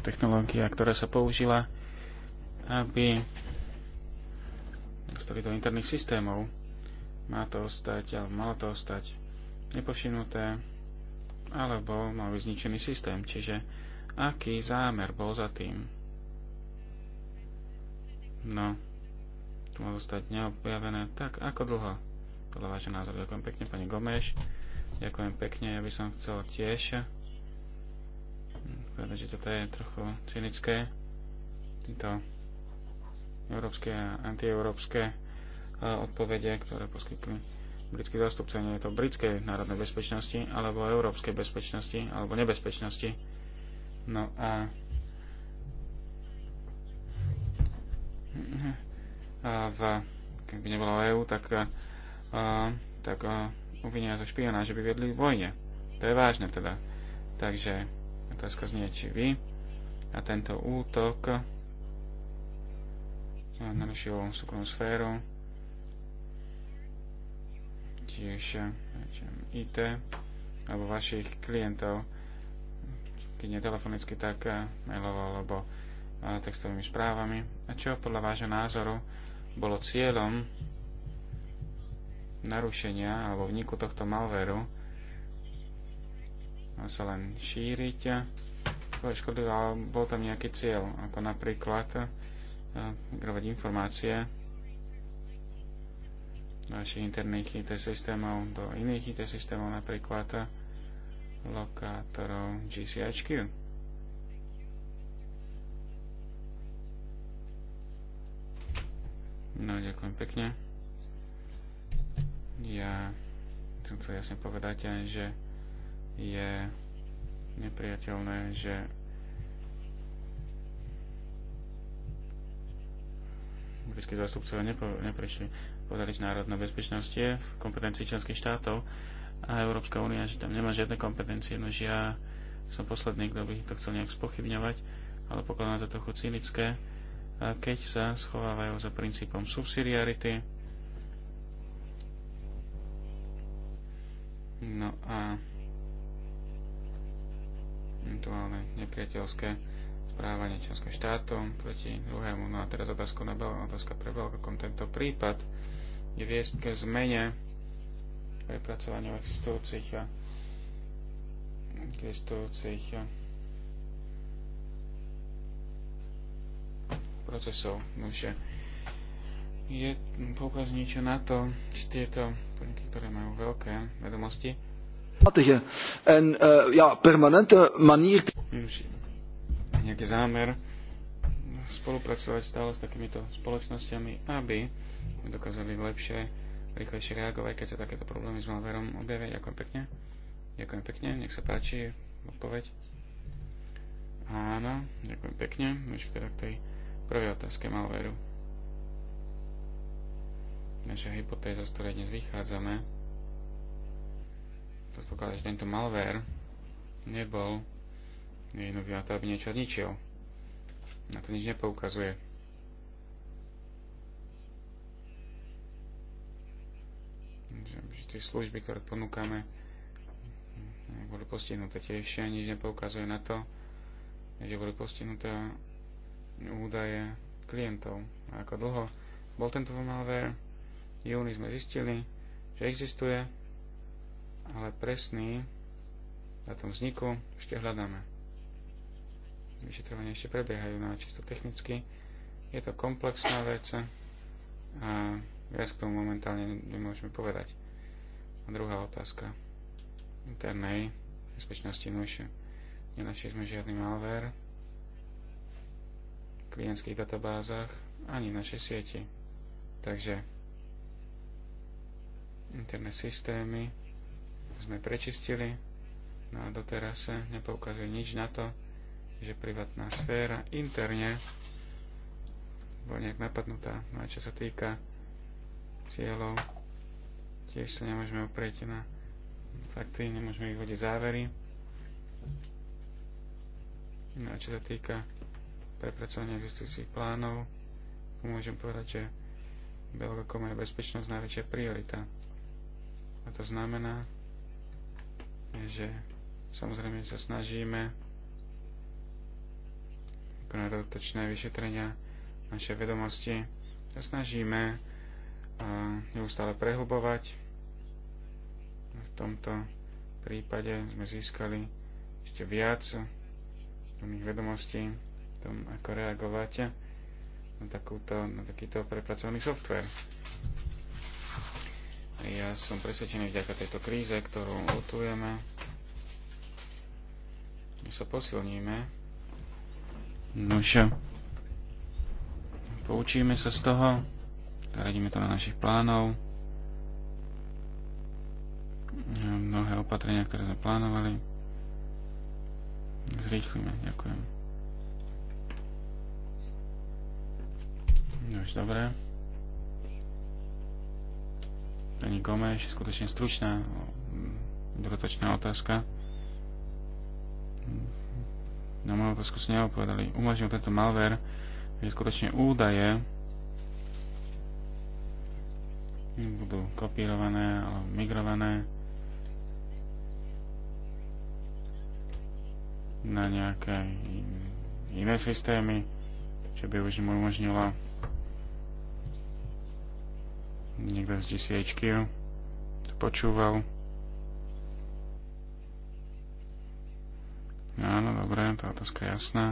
Technológia, ktorá sa použila, aby dostali do interných systémov. Má to ostať, alebo malo to ostať Nepošinuté, alebo mal zničený systém. Čiže aký zámer bol za tým? No, tu má zostať neobjavené. Tak, ako dlho? Podľa vášho názoru. Ďakujem pekne, pani Gomeš. Ďakujem pekne, ja by som chcel tiež povedať, že toto je trochu cynické. Títo európske a antieurópske eh, odpovede, ktoré poskytli britský zástupca, nie je to britskej národnej bezpečnosti, alebo európskej bezpečnosti, alebo nebezpečnosti. No a v, by nebolo EÚ, tak, tak uvinia zo že by viedli vojne. To je vážne teda. Takže otázka znie, či vy a tento útok narušil súkromnú sféru tiež IT alebo vašich klientov, keď nie telefonicky, tak eh, mailovo alebo eh, textovými správami. A čo podľa vášho názoru bolo cieľom narušenia alebo vniku tohto malvéru sa len šíriť ale škodlivé, ale bol tam nejaký cieľ, ako napríklad grovať eh, informácie našich interných IT systémov do iných IT systémov, napríklad lokátorov GCHQ. No, ďakujem pekne. Ja som chcel jasne povedať, že je nepriateľné, že britskí zástupcovia nepo, neprešli povedali, že národná bezpečnosť je v kompetencii členských štátov a Európska únia, že tam nemá žiadne kompetencie, no ja som posledný, kto by to chcel nejak spochybňovať, ale pokladám za trochu cynické, keď sa schovávajú za princípom subsidiarity. No a to nepriateľské správanie členským štátom proti druhému. No a teraz otázka, na Bel- otázka pre Belgakom. Tento prípad je viesť ke zmene prepracovania existujúcich a existujúcich procesov. Nože je poukaz niečo na to, či tieto podniky, ktoré majú veľké vedomosti, en uh, ja, permanente manier nejaký zámer spolupracovať stále s takýmito spoločnosťami, aby dokázali lepšie, rýchlejšie reagovať, keď sa takéto problémy s malverom objavia. Ďakujem pekne. Ďakujem pekne, nech sa páči odpoveď. Áno, ďakujem pekne. Už teda k tej prvej otázke malveru. Naša hypotéza, z ktorej dnes vychádzame, predpokladá, že tento malver nebol je jednoduchý na to, aby niečo ničil. Na to nič nepoukazuje. Že tie služby, ktoré ponúkame, boli postihnuté tiež a nič nepoukazuje na to, že boli postihnuté údaje klientov. A ako dlho bol tento malware, júni sme zistili, že existuje, ale presný datum vzniku ešte hľadáme vyšetrovania ešte prebiehajú. No a čisto technicky je to komplexná vec a viac k tomu momentálne nemôžeme povedať. A druhá otázka internej bezpečnosti nuše. Nenašli sme žiadny malware v klientských databázach ani v našej sieti. Takže interné systémy sme prečistili no a doteraz sa nepoukazuje nič na to, že privátna sféra interne bola nejak napadnutá. No a čo sa týka cieľov, tiež sa nemôžeme oprieť na fakty, nemôžeme vyvodiť závery. No a čo sa týka prepracovania existujúcich plánov, môžem povedať, že Belgokom je bezpečnosť najväčšia priorita. A to znamená, že samozrejme sa snažíme na dodatočné vyšetrenia, naše vedomosti. Sa snažíme neustále prehlbovať. V tomto prípade sme získali ešte viac nových vedomostí v tom, ako reagovať na, takúto, na takýto prepracovaný software. Ja som presvedčený vďaka tejto kríze, ktorú lutujeme, sa posilníme Nože. poučíme sa z toho, zaradíme to na našich plánov, mnohé opatrenia, ktoré sme plánovali, zrýchlime. Ďakujem. No už dobre. Pani Gomeš, skutočne stručná, mm, dodatočná otázka na moju otázku si neopovedali. Umožnil tento malver, že skutočne údaje budú kopírované alebo migrované na nejaké iné systémy, čo by už mu umožnilo niekto z GCHQ to počúval. Áno, dobre, tá otázka je jasná.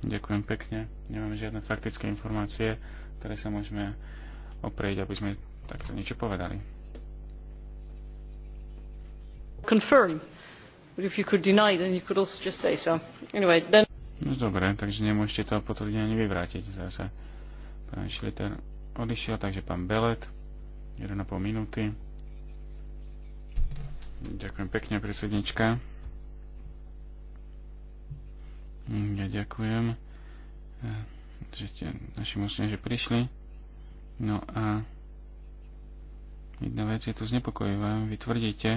Ďakujem pekne. Nemáme žiadne faktické informácie, ktoré sa môžeme oprieť, aby sme takto niečo povedali. Confirm. But if you could deny, then you could also just say so. Anyway, then... No dobre, takže nemôžete to potvrdiť ani vyvrátiť zase. Pán Šliter odišiel, takže pán Belet, 1,5 minúty. Ďakujem pekne, predsednička. Ja ďakujem, eh, že ste naši hostom, že prišli. No a jedna vec je tu znepokojivá. Vy tvrdíte,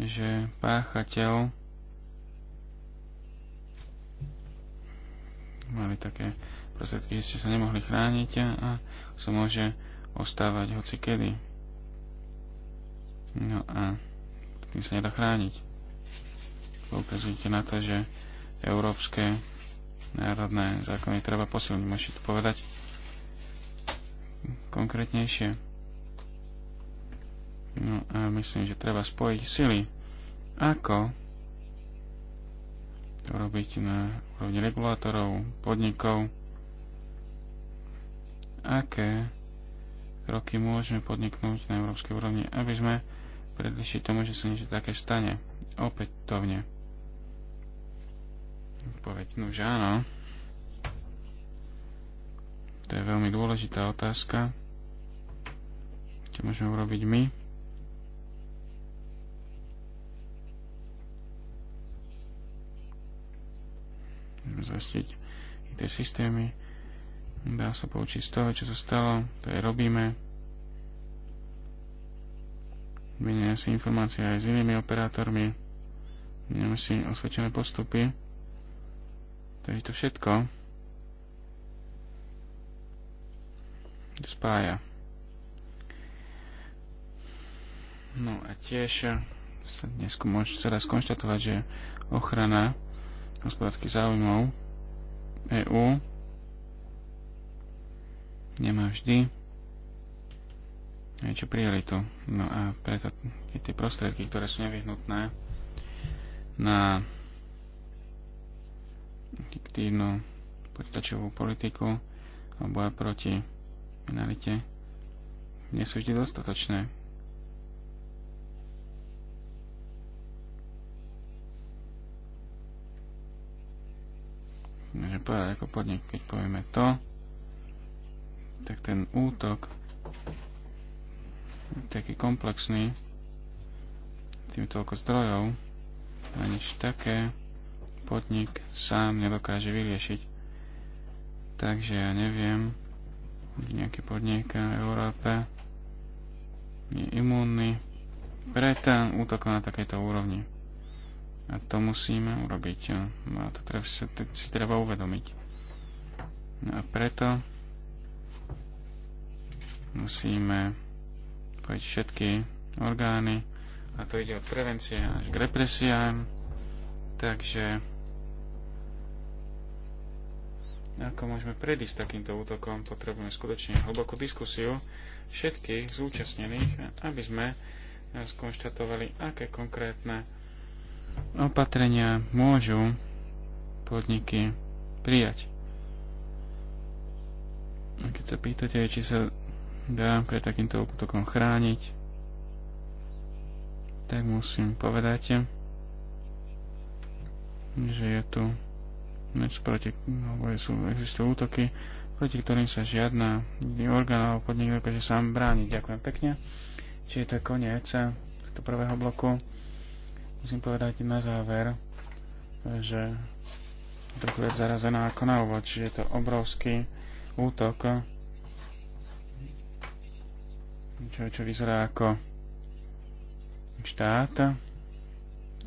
že páchateľ mali také prostriedky, že ste sa nemohli chrániť a sa môže ostávať hoci kedy. No a tým sa nedá chrániť. Poukazujte na to, že európske národné zákony treba posilniť. Môžete to povedať konkrétnejšie. No a myslím, že treba spojiť sily. Ako to robiť na úrovni regulátorov, podnikov, aké kroky môžeme podniknúť na európskej úrovni, aby sme predvyšiť tomu, že sa niečo také stane. Opätovne. Poveď, no že áno. To je veľmi dôležitá otázka. Čo môžeme urobiť my? Zastiť tie systémy. Dá sa poučiť z toho, čo sa stalo. To je robíme. Vymieňa si informácie aj s inými operátormi. Vymieňame si osvedčené postupy. Takže to všetko spája. No a tiež sa dnes môžete sa raz konštatovať, že ochrana hospodárskych záujmov EÚ nemá vždy niečo prioritu. No a preto tie prostriedky, ktoré sú nevyhnutné na efektívnu počítačovú politiku a boja proti minalite, nie sú vždy dostatočné. Môžem povedať ako podnik, keď povieme to, tak ten útok taký komplexný, tým toľko zdrojov, a nič také podnik sám nedokáže vyriešiť. Takže ja neviem, nejaký podnik v Európe je imúnny ten útok na takejto úrovni. A to musíme urobiť. No a to treba, si treba uvedomiť. No a preto musíme spojiť všetky orgány a to ide od prevencie až k represiám. Takže ako môžeme predísť takýmto útokom, potrebujeme skutočne hlbokú diskusiu všetkých zúčastnených, aby sme eh, skonštatovali, aké konkrétne opatrenia môžu podniky prijať. A keď sa pýtate, či sa dá pre takýmto útokom chrániť, tak musím povedať, že je tu nič proti, alebo sú, existujú útoky, proti ktorým sa žiadna orgán alebo podnik dokáže sám brániť. Ďakujem pekne. Čiže to koniec tohto prvého bloku. Musím povedať na záver, že trochu viac zarazená ako na úvod, čiže je to obrovský útok čo, čo vyzerá ako štát,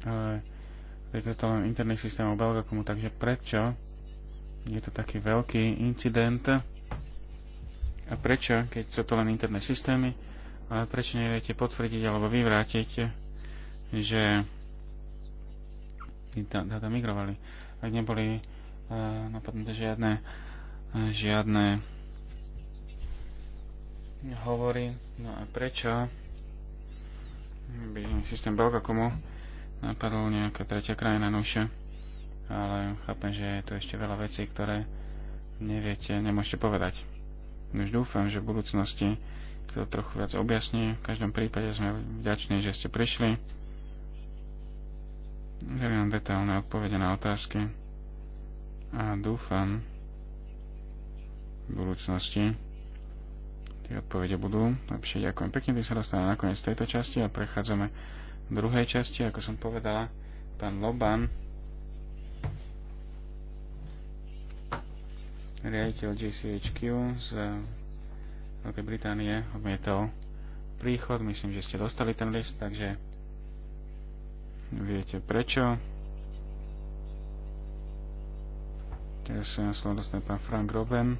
ale je to len interných systémov Belgakomu, takže prečo je to taký veľký incident a prečo, keď sú to len interné systémy, ale prečo neviete potvrdiť alebo vyvrátiť, že dáta migrovali, ak neboli uh, napadnuté žiadne, žiadne hovorí, no a prečo by systém komu napadol nejaká tretia krajina nuše, ale chápem, že je tu ešte veľa vecí, ktoré neviete, nemôžete povedať. Už dúfam, že v budúcnosti to trochu viac objasní. V každom prípade sme vďační, že ste prišli. Dali nám detailné odpovede na otázky. A dúfam v budúcnosti, tie odpovede budú lepšie. Ďakujem pekne, tým sa dostane na koniec tejto časti a prechádzame k druhej časti. Ako som povedala, pán Loban, riaditeľ GCHQ z Veľkej Británie, odmietol príchod. Myslím, že ste dostali ten list, takže viete prečo. Teraz sa slovo dostane pán Frank Robben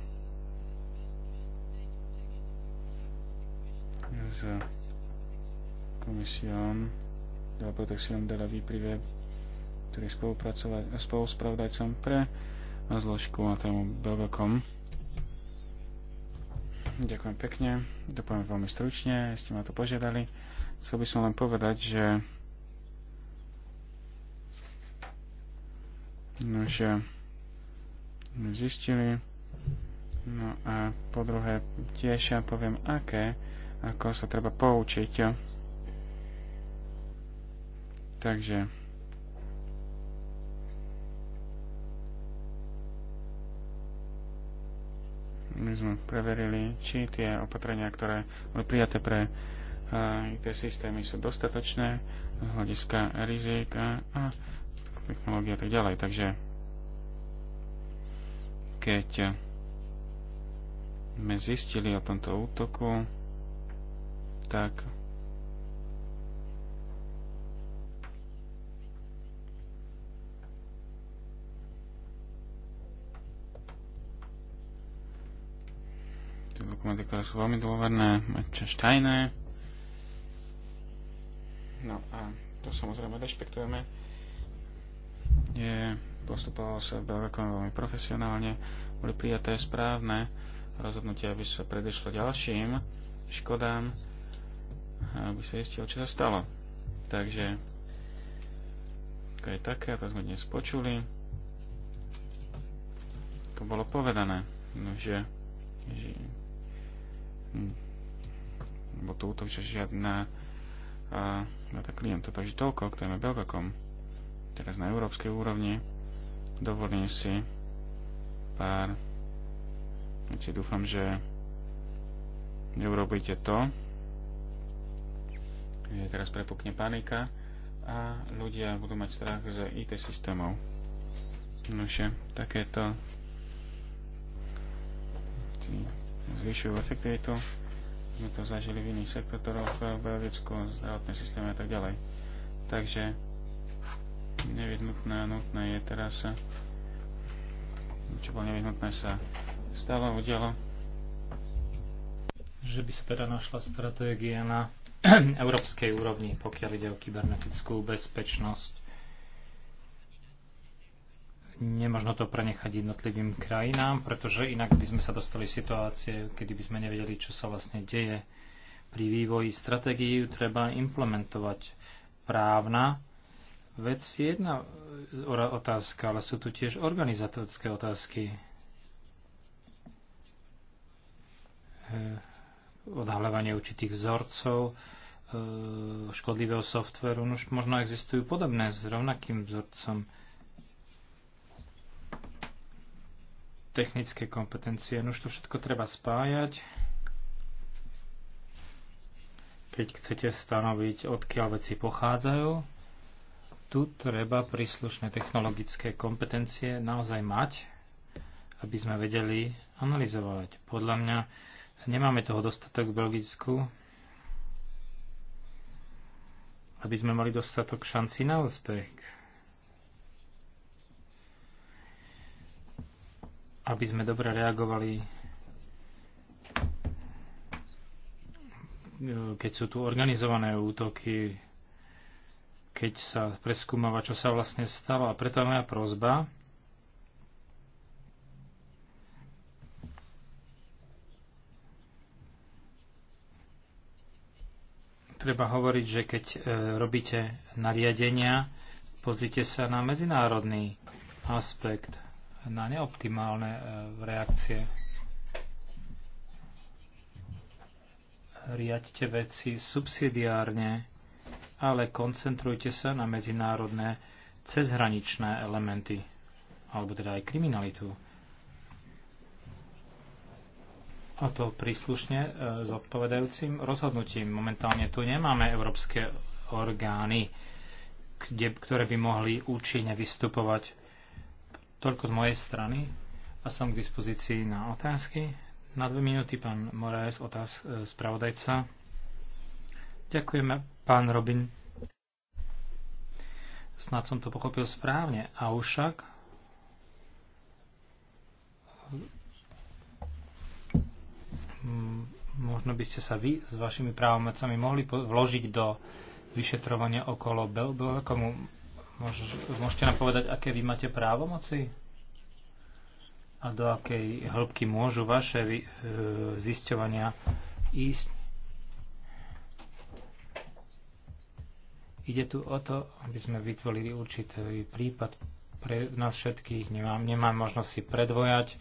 s komisiou de la Protection de la Vie Privée, ktorý je spoluspravodajcom pre zložku na tému Belgacom. Ďakujem pekne, dopoviem veľmi stručne, ste ma to požiadali. Chcel by som len povedať, že No, že zistili. No a po druhé tiež ja poviem, aké ako sa treba poučiť. Takže my sme preverili, či tie opatrenia, ktoré boli prijaté pre eh, IT systémy sú dostatočné z hľadiska rizik a, a technológie a tak ďalej. Takže keď sme zistili o tomto útoku, tak tie dokumenty, ktoré sú veľmi dôverné, tajné. No a to samozrejme rešpektujeme. Je, postupovalo sa Belgakom veľmi profesionálne, boli prijaté správne rozhodnutia, aby sa predešlo ďalším škodám aby sa zistil, čo sa stalo. Takže to je také, to sme dnes počuli. To bolo povedané, no, že, že hm, bo to útok, že žiadna a, data klienta, takže toľko ktoré je Belgakom. Teraz na európskej úrovni dovolím si pár si Dúfam, že neurobíte to, teraz prepukne panika a ľudia budú mať strach z IT systémov. Nože, takéto zvyšujú efektivitu. My to zažili v iných sektoroch, v Belgicku, zdravotné systémy a tak ďalej. Takže nevyhnutné a nutné je teraz, čo bolo nevyhnutné sa stalo, udialo. Že by sa teda našla stratégia na európskej úrovni, pokiaľ ide o kybernetickú bezpečnosť. Nemožno to prenechať jednotlivým krajinám, pretože inak by sme sa dostali situácie, kedy by sme nevedeli, čo sa vlastne deje. Pri vývoji stratégií treba implementovať právna vec je jedna otázka, ale sú tu tiež organizatorské otázky. Eh, odhaľovanie určitých vzorcov, E, škodlivého softveru. No už možno existujú podobné s rovnakým vzorcom technické kompetencie. No už to všetko treba spájať. Keď chcete stanoviť, odkiaľ veci pochádzajú, tu treba príslušné technologické kompetencie naozaj mať, aby sme vedeli analyzovať. Podľa mňa nemáme toho dostatok v Belgicku, aby sme mali dostatok šanci na úspech. Aby sme dobre reagovali, keď sú tu organizované útoky, keď sa preskúmava, čo sa vlastne stalo. A preto moja prozba, treba hovoriť, že keď e, robíte nariadenia, pozrite sa na medzinárodný aspekt, na neoptimálne e, reakcie. Riaďte veci subsidiárne, ale koncentrujte sa na medzinárodné cezhraničné elementy, alebo teda aj kriminalitu. A to príslušne s e, odpovedajúcim rozhodnutím. Momentálne tu nemáme európske orgány, kde, ktoré by mohli účinne vystupovať. Toľko z mojej strany a som k dispozícii na otázky. Na dve minúty pán Moraes, otáz, e, spravodajca. Ďakujeme, pán Robin. Snad som to pochopil správne. A však Mm, možno by ste sa vy s vašimi právomocami mohli vložiť do vyšetrovania okolo Belkomu. Môž, môžete nám povedať, aké vy máte právomoci? A do akej hĺbky môžu vaše vy, e, zisťovania ísť? Ide tu o to, aby sme vytvorili určitý prípad pre nás všetkých. Nemám, nemám možnosť si predvojať,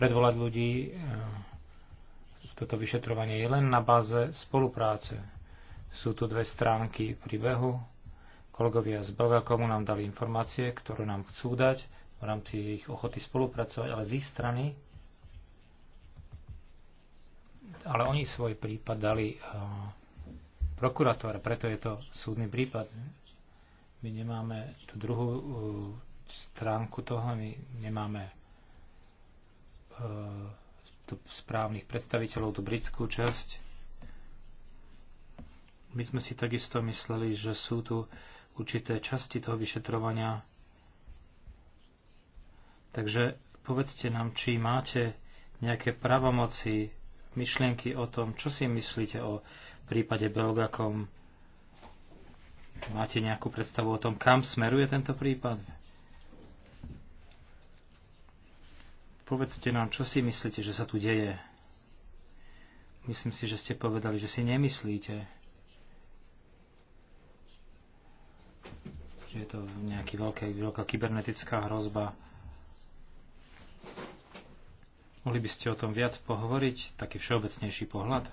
predvolať ľudí. E, toto vyšetrovanie je len na báze spolupráce. Sú tu dve stránky príbehu. Kolegovia z Belgakomu nám dali informácie, ktoré nám chcú dať v rámci ich ochoty spolupracovať, ale z ich strany ale oni svoj prípad dali eh, prokurátor, preto je to súdny prípad. My nemáme tú druhú eh, stránku toho, my nemáme eh, tu správnych predstaviteľov, tú britskú časť. My sme si takisto mysleli, že sú tu určité časti toho vyšetrovania. Takže povedzte nám, či máte nejaké pravomoci, myšlienky o tom, čo si myslíte o prípade Belgakom. Máte nejakú predstavu o tom, kam smeruje tento prípad? Povedzte nám, čo si myslíte, že sa tu deje? Myslím si, že ste povedali, že si nemyslíte, že je to nejaký veľký, veľká kybernetická hrozba. Mohli by ste o tom viac pohovoriť? Taký všeobecnejší pohľad?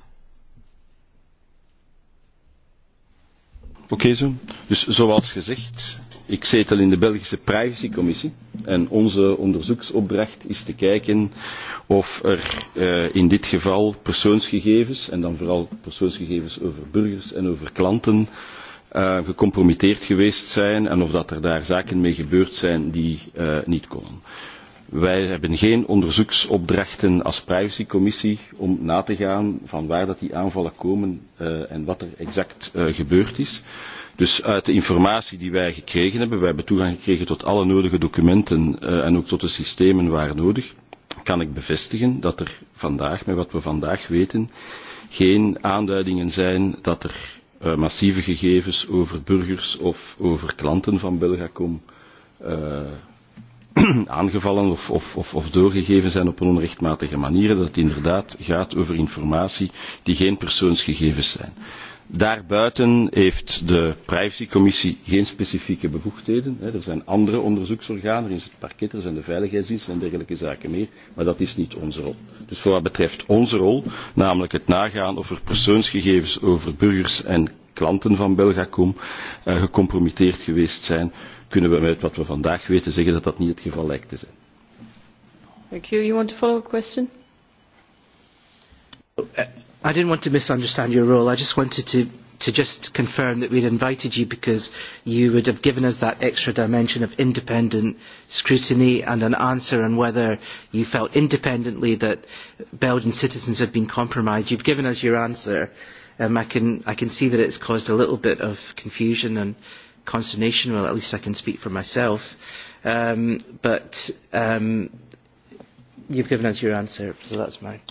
Oké okay, zo. Dus zoals gezegd, ik zetel in de Belgische privacycommissie en onze onderzoeksopdracht is te kijken of er uh, in dit geval persoonsgegevens, en dan vooral persoonsgegevens over burgers en over klanten, uh, gecompromitteerd geweest zijn en of dat er daar zaken mee gebeurd zijn die uh, niet komen. Wij hebben geen onderzoeksopdrachten als privacycommissie om na te gaan van waar dat die aanvallen komen uh, en wat er exact uh, gebeurd is. Dus uit de informatie die wij gekregen hebben, wij hebben toegang gekregen tot alle nodige documenten uh, en ook tot de systemen waar nodig, kan ik bevestigen dat er vandaag, met wat we vandaag weten, geen aanduidingen zijn dat er uh, massieve gegevens over burgers of over klanten van Belgacom uh, aangevallen of, of, of, of doorgegeven zijn op een onrechtmatige manier. Dat het inderdaad gaat over informatie die geen persoonsgegevens zijn. Daarbuiten heeft de privacycommissie geen specifieke bevoegdheden. Er zijn andere onderzoeksorganen, er is het parket, er zijn de veiligheidsdiensten en dergelijke zaken meer, maar dat is niet onze rol. Dus voor wat betreft onze rol, namelijk het nagaan of er persoonsgegevens over burgers en klanten van Belgacom eh, gecompromitteerd geweest zijn, kunnen we met wat we vandaag weten zeggen dat dat niet het geval lijkt te zijn. Thank you. You want to follow a question? Uh, I didn't want to misunderstand your role. I just wanted to to just confirm that we'd invited you because you would have given us that extra dimension of independent scrutiny and an answer on whether you felt independently that Belgian citizens had been compromised. You've given us your answer. Um, I, can, I can see that it's caused a little bit of confusion and consternation. Well, at least I can speak for myself. Um, but um, you've given us your answer, so that's mine.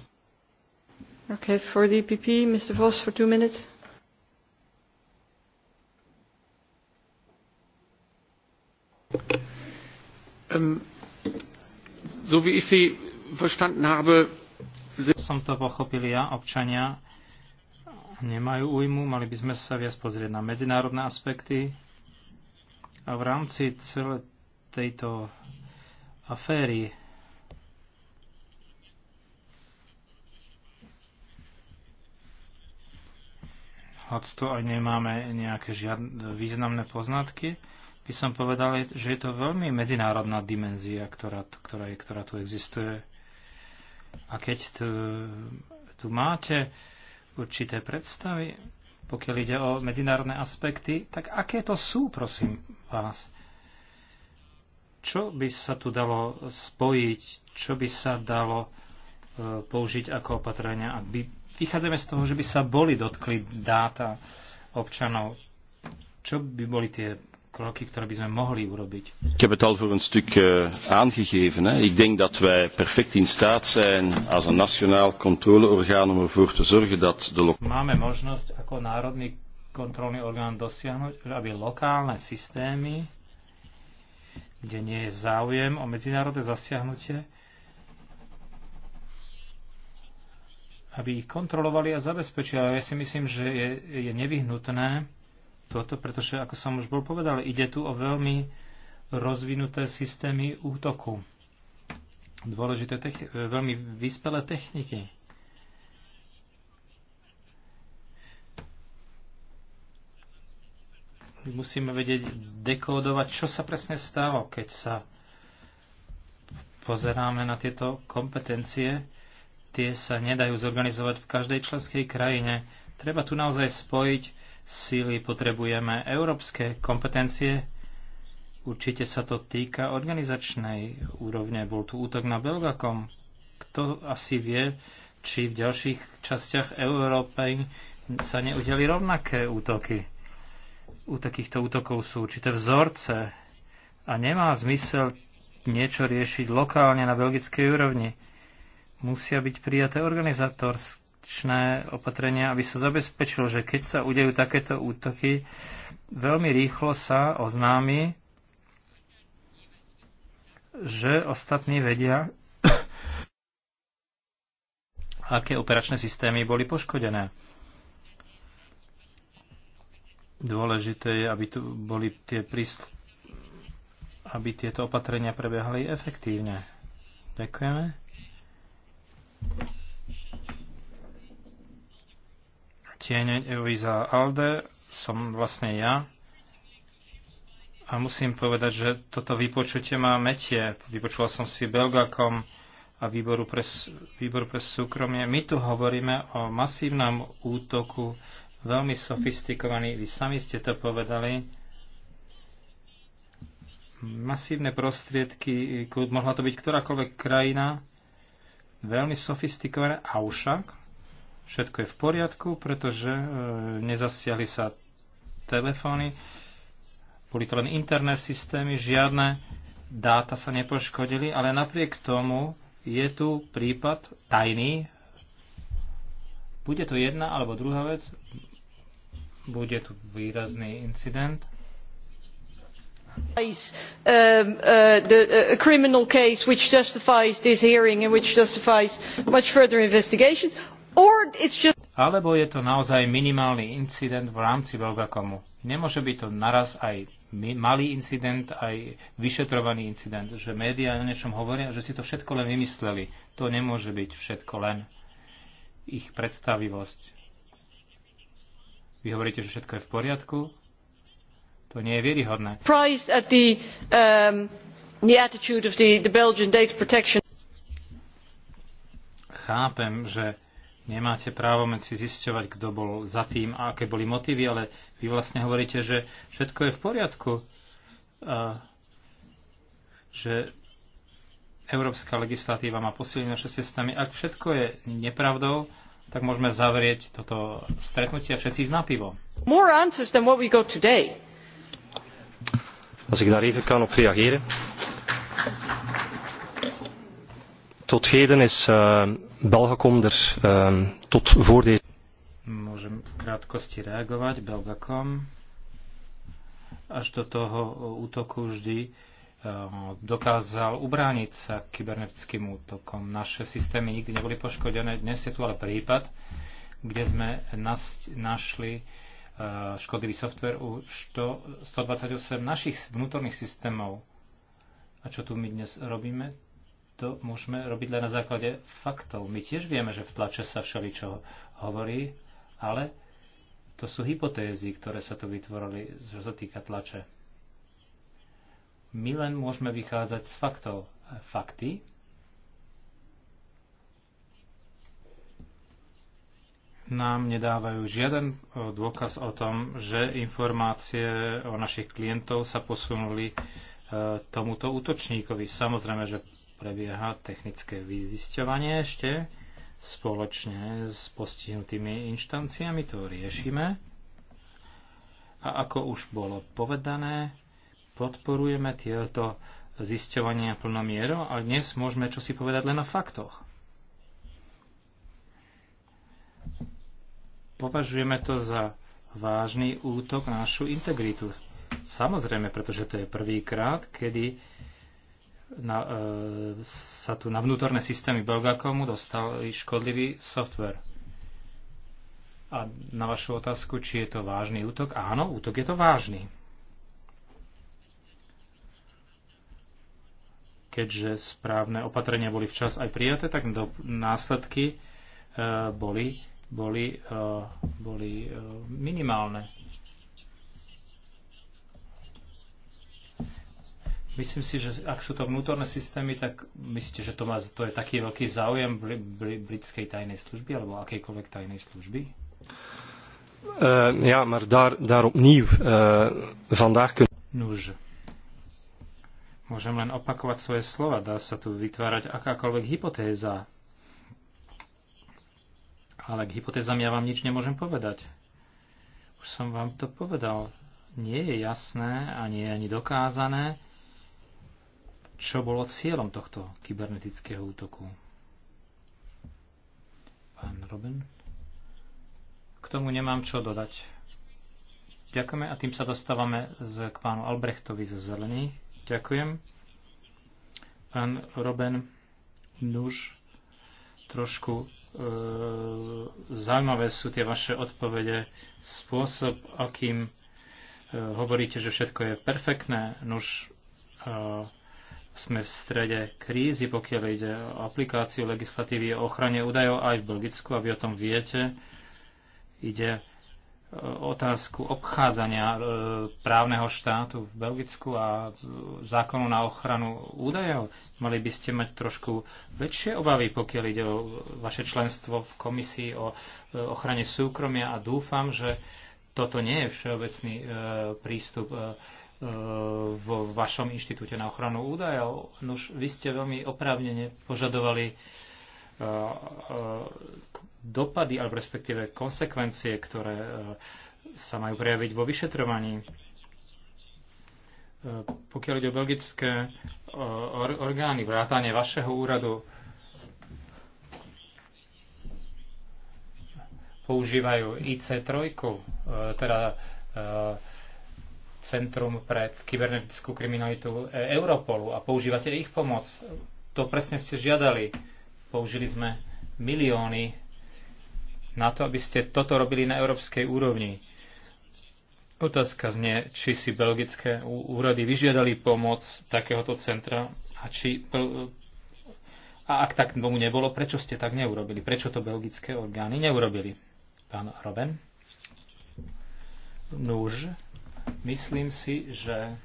Okay, for the EPP, Mr. Voss for two minutes. Um, so wie ich Sie verstanden habe, som to pochopil ja, občania nemajú újmu, mali by sme sa viac pozrieť na medzinárodné aspekty, a v rámci celé tejto aféry hoď to aj nemáme nejaké žiadne významné poznatky, by som povedal, že je to veľmi medzinárodná dimenzia, ktorá, ktorá, je, ktorá tu existuje. A keď tu, tu máte určité predstavy, pokiaľ ide o medzinárodné aspekty, tak aké to sú, prosím vás? Čo by sa tu dalo spojiť? Čo by sa dalo e, použiť ako opatrenia? Ak by, vychádzame z toho, že by sa boli dotkli dáta občanov. Čo by boli tie kroky, ktoré by sme mohli urobiť. Ik heb het al voor een stuk uh, aangegeven. Hè. Ik denk dat wij perfect in staat zijn als een nationaal controleorgaan om ervoor te zorgen dat de Máme možnosť ako národný kontrolný orgán dosiahnuť, aby lokálne systémy, kde nie je záujem o medzinárodné zasiahnutie, aby ich kontrolovali a zabezpečili. Ale ja si myslím, že je, je nevyhnutné, toto, pretože, ako som už bol povedal, ide tu o veľmi rozvinuté systémy útoku. Dôležité, e, veľmi vyspelé techniky. Musíme vedieť dekódovať, čo sa presne stalo, keď sa pozeráme na tieto kompetencie. Tie sa nedajú zorganizovať v každej členskej krajine. Treba tu naozaj spojiť síly, potrebujeme európske kompetencie. Určite sa to týka organizačnej úrovne. Bol tu útok na Belgakom. Kto asi vie, či v ďalších častiach Európy sa neudeli rovnaké útoky. U takýchto útokov sú určité vzorce a nemá zmysel niečo riešiť lokálne na belgickej úrovni. Musia byť prijaté organizátorské patričné opatrenia, aby sa zabezpečilo, že keď sa udejú takéto útoky, veľmi rýchlo sa oznámi, že ostatní vedia, aké operačné systémy boli poškodené. Dôležité je, aby tu boli tie prísl- aby tieto opatrenia prebiehali efektívne. Ďakujeme. tieňovi za ALDE som vlastne ja. A musím povedať, že toto vypočutie má metie. Vypočula som si Belgakom a výboru pre, výboru pre súkromie. My tu hovoríme o masívnom útoku, veľmi sofistikovaný, vy sami ste to povedali, masívne prostriedky, mohla to byť ktorákoľvek krajina, veľmi sofistikované, avšak Všetko je v poriadku, pretože e, nezasiahli sa telefóny, boli to len interné systémy, žiadne dáta sa nepoškodili, ale napriek tomu je tu prípad tajný. Bude to jedna alebo druhá vec, bude tu výrazný incident. Case, um, um, uh, the, uh, a criminal case which justifies this hearing and which justifies much further investigations Just... Alebo je to naozaj minimálny incident v rámci Belgakomu. Nemôže byť to naraz aj malý incident, aj vyšetrovaný incident, že médiá o niečom hovoria, že si to všetko len vymysleli. To nemôže byť všetko len ich predstavivosť. Vy hovoríte, že všetko je v poriadku? To nie je vieryhodné. Um, chápem, že Nemáte právo medzi zisťovať, kto bol za tým a aké boli motívy, ale vy vlastne hovoríte, že všetko je v poriadku. A že európska legislatíva má posilniť naše systémy. Ak všetko je nepravdou, tak môžeme zavrieť toto stretnutie a všetci ísť na pivo. More answers than what we got today. Als ik daar even kan op reageren tot heden is uh, eh, Belgacom er uh, eh, tot voor deze... Môžem v krátkosti reagovať. Belgacom až do toho eh, útoku vždy dokázal ubrániť sa kybernetickým útokom. Naše systémy nikdy neboli poškodené. Dnes je tu ale prípad, kde sme našli škodlivý software u 128 našich vnútorných systémov. A čo tu my dnes robíme? to môžeme robiť len na základe faktov. My tiež vieme, že v tlače sa všeličo hovorí, ale to sú hypotézy, ktoré sa tu vytvorili, čo sa týka tlače. My len môžeme vychádzať z faktov. Fakty nám nedávajú žiaden e, dôkaz o tom, že informácie o našich klientov sa posunuli e, tomuto útočníkovi. Samozrejme, že prebieha technické vyzisťovanie ešte spoločne s postihnutými inštanciami, to riešime. A ako už bolo povedané, podporujeme tieto zisťovania plnou mierou, ale dnes môžeme čo si povedať len na faktoch. Považujeme to za vážny útok na našu integritu. Samozrejme, pretože to je prvýkrát, kedy na, e, sa tu na vnútorné systémy Belgakomu dostal škodlivý software. A na vašu otázku, či je to vážny útok? Áno, útok je to vážny. Keďže správne opatrenia boli včas aj prijaté, tak do, následky e, boli, boli, e, boli e, minimálne Myslím si, že ak sú to vnútorné systémy, tak myslíte, že to, má, to je taký veľký záujem bri, bri, britskej tajnej služby alebo akejkoľvek tajnej služby? Uh, ja, maar daar, daar opnieuw uh, eh, vandaag kun... Nuž. Môžem len opakovať svoje slova. Dá sa tu vytvárať akákoľvek hypotéza. Ale k hypotézam ja vám nič nemôžem povedať. Už som vám to povedal. Nie je jasné a nie je ani dokázané, čo bolo cieľom tohto kybernetického útoku. Pán Robin? K tomu nemám čo dodať. Ďakujeme a tým sa dostávame z, k pánu Albrechtovi zo zelený. Ďakujem. Pán Robin, nuž, trošku e, zaujímavé sú tie vaše odpovede. Spôsob, akým e, hovoríte, že všetko je perfektné, nuž, e, sme v strede krízy, pokiaľ ide o aplikáciu legislatívy o ochrane údajov aj v Belgicku, a vy o tom viete. Ide e, otázku obchádzania e, právneho štátu v Belgicku a e, zákonu na ochranu údajov. Mali by ste mať trošku väčšie obavy, pokiaľ ide o vaše členstvo v komisii o ochrane súkromia a dúfam, že toto nie je všeobecný prístup vo vašom inštitúte na ochranu údajov. Nuž, vy ste veľmi oprávnene požadovali e, e, dopady, alebo respektíve konsekvencie, ktoré e, sa majú prejaviť vo vyšetrovaní. Pokiaľ ide o belgické orgány, vrátanie vašeho úradu, používajú IC3, teda Centrum pre kybernetickú kriminalitu e, Europolu a používate ich pomoc. To presne ste žiadali. Použili sme milióny na to, aby ste toto robili na európskej úrovni. Otázka znie, či si belgické úrady vyžiadali pomoc takéhoto centra a či a ak tak tomu nebolo, prečo ste tak neurobili? Prečo to belgické orgány neurobili? Pán Roben? Núž. Myslím si, že,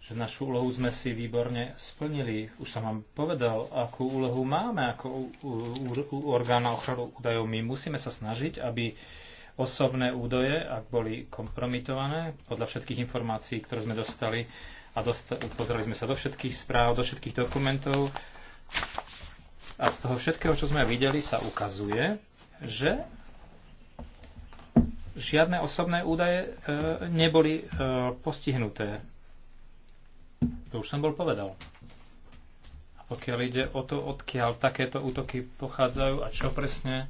že našu úlohu sme si výborne splnili. Už som vám povedal, akú úlohu máme ako u, u, u orgána ochranu údajov. My musíme sa snažiť, aby osobné údaje, ak boli kompromitované, podľa všetkých informácií, ktoré sme dostali, a dosta- pozreli sme sa do všetkých správ, do všetkých dokumentov, a z toho všetkého, čo sme videli, sa ukazuje, že žiadne osobné údaje e, neboli e, postihnuté. To už som bol povedal. A pokiaľ ide o to, odkiaľ takéto útoky pochádzajú a čo presne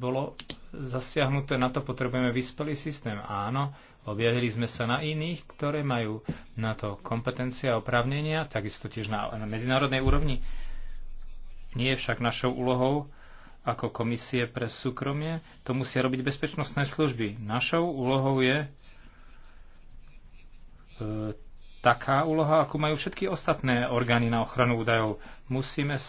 bolo zasiahnuté, na to potrebujeme vyspelý systém. Áno, objavili sme sa na iných, ktoré majú na to kompetencia a oprávnenia, takisto tiež na, na medzinárodnej úrovni. Nie je však našou úlohou ako komisie pre súkromie, to musia robiť bezpečnostné služby. Našou úlohou je e, taká úloha, ako majú všetky ostatné orgány na ochranu údajov. Musíme e,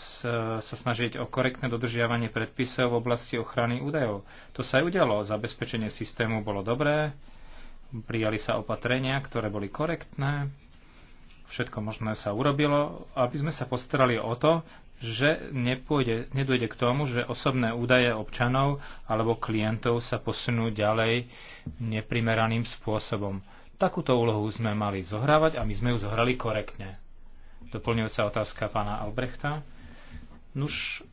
sa snažiť o korektné dodržiavanie predpisov v oblasti ochrany údajov. To sa aj udialo. Zabezpečenie systému bolo dobré, prijali sa opatrenia, ktoré boli korektné, všetko možné sa urobilo, aby sme sa postarali o to, že nepôjde, nedôjde k tomu, že osobné údaje občanov alebo klientov sa posunú ďalej neprimeraným spôsobom. Takúto úlohu sme mali zohrávať a my sme ju zohrali korektne. Doplňujúca otázka pána Albrechta. Nuž,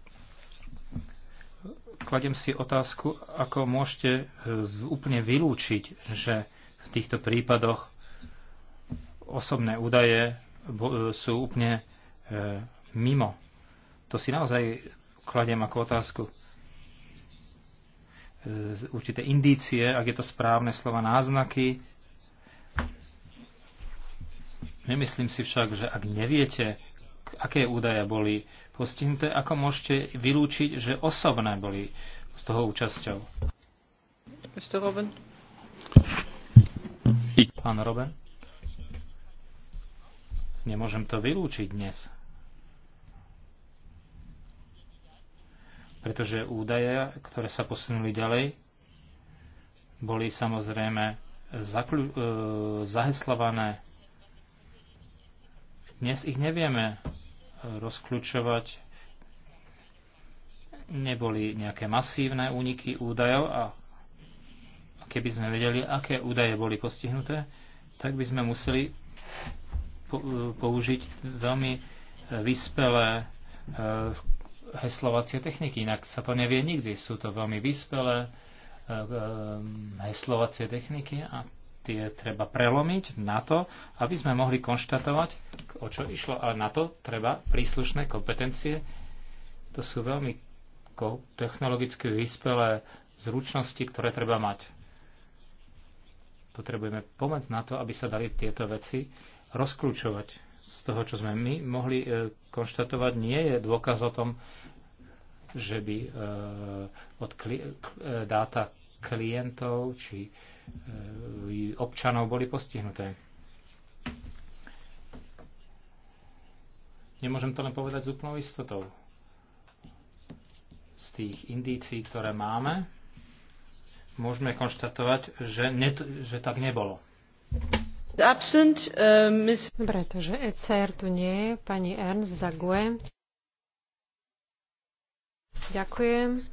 kladem si otázku, ako môžete e, úplne vylúčiť, že v týchto prípadoch osobné údaje e, sú úplne e, mimo to si naozaj kladiem ako otázku. E, určité indície, ak je to správne slova, náznaky. Nemyslím si však, že ak neviete, aké údaje boli postihnuté, ako môžete vylúčiť, že osobné boli z toho účasťou. Mr. Robin. Pán Robin. Nemôžem to vylúčiť dnes. pretože údaje, ktoré sa posunuli ďalej, boli samozrejme zaklu- e, zaheslované. Dnes ich nevieme rozkľúčovať. Neboli nejaké masívne úniky údajov a keby sme vedeli, aké údaje boli postihnuté, tak by sme museli e, použiť veľmi vyspelé e, heslovacie techniky, inak sa to nevie nikdy. Sú to veľmi vyspelé eh, eh, heslovacie techniky a tie treba prelomiť na to, aby sme mohli konštatovať, o čo išlo, ale na to treba príslušné kompetencie. To sú veľmi technologicky vyspelé zručnosti, ktoré treba mať. Potrebujeme pomoc na to, aby sa dali tieto veci rozklúčovať z toho, čo sme my mohli e, konštatovať, nie je dôkaz o tom, že by e, od kli- e, dáta klientov či občanov boli postihnuté. Nemôžem to len povedať s úplnou istotou. Z tých indícií, ktoré máme, môžeme konštatovať, že, že tak nebolo. Uh, pretože ECR tu nie je. Pani Ernst Zague. Ďakujem.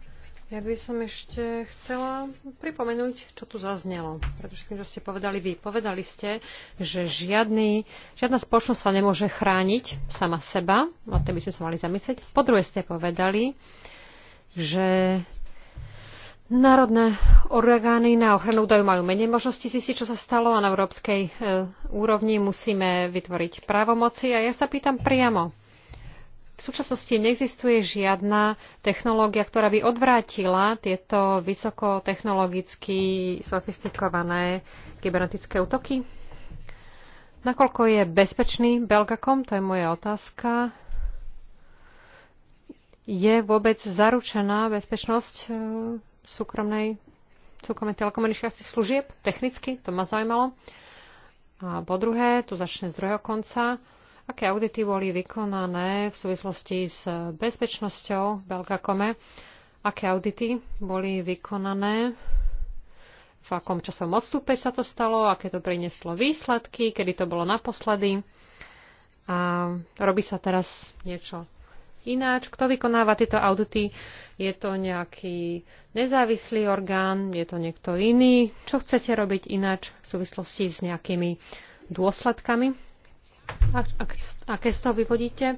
Ja by som ešte chcela pripomenúť, čo tu zaznelo. Pretože tým, čo ste povedali vy, povedali ste, že žiadny, žiadna spoločnosť sa nemôže chrániť sama seba. O tom by sme sa mali zamyslieť. Po druhé ste povedali, že Národné orgány na ochranu údajov majú menej možností zistiť, čo sa stalo a na európskej e, úrovni musíme vytvoriť právomoci. A ja sa pýtam priamo. V súčasnosti neexistuje žiadna technológia, ktorá by odvrátila tieto vysokotechnologicky sofistikované kybernetické útoky? Nakoľko je bezpečný Belgakom, to je moja otázka, je vôbec zaručená bezpečnosť e, súkromnej, súkromnej telekomunikačných služieb, technicky, to ma zaujímalo. A po druhé, tu začne z druhého konca, aké audity boli vykonané v súvislosti s bezpečnosťou Belgakome, aké audity boli vykonané v akom časom odstupe sa to stalo, aké to prinieslo výsledky, kedy to bolo naposledy. A robí sa teraz niečo Ináč, kto vykonáva tieto audity? Je to nejaký nezávislý orgán? Je to niekto iný? Čo chcete robiť ináč v súvislosti s nejakými dôsledkami? A, a, aké z toho vyvodíte?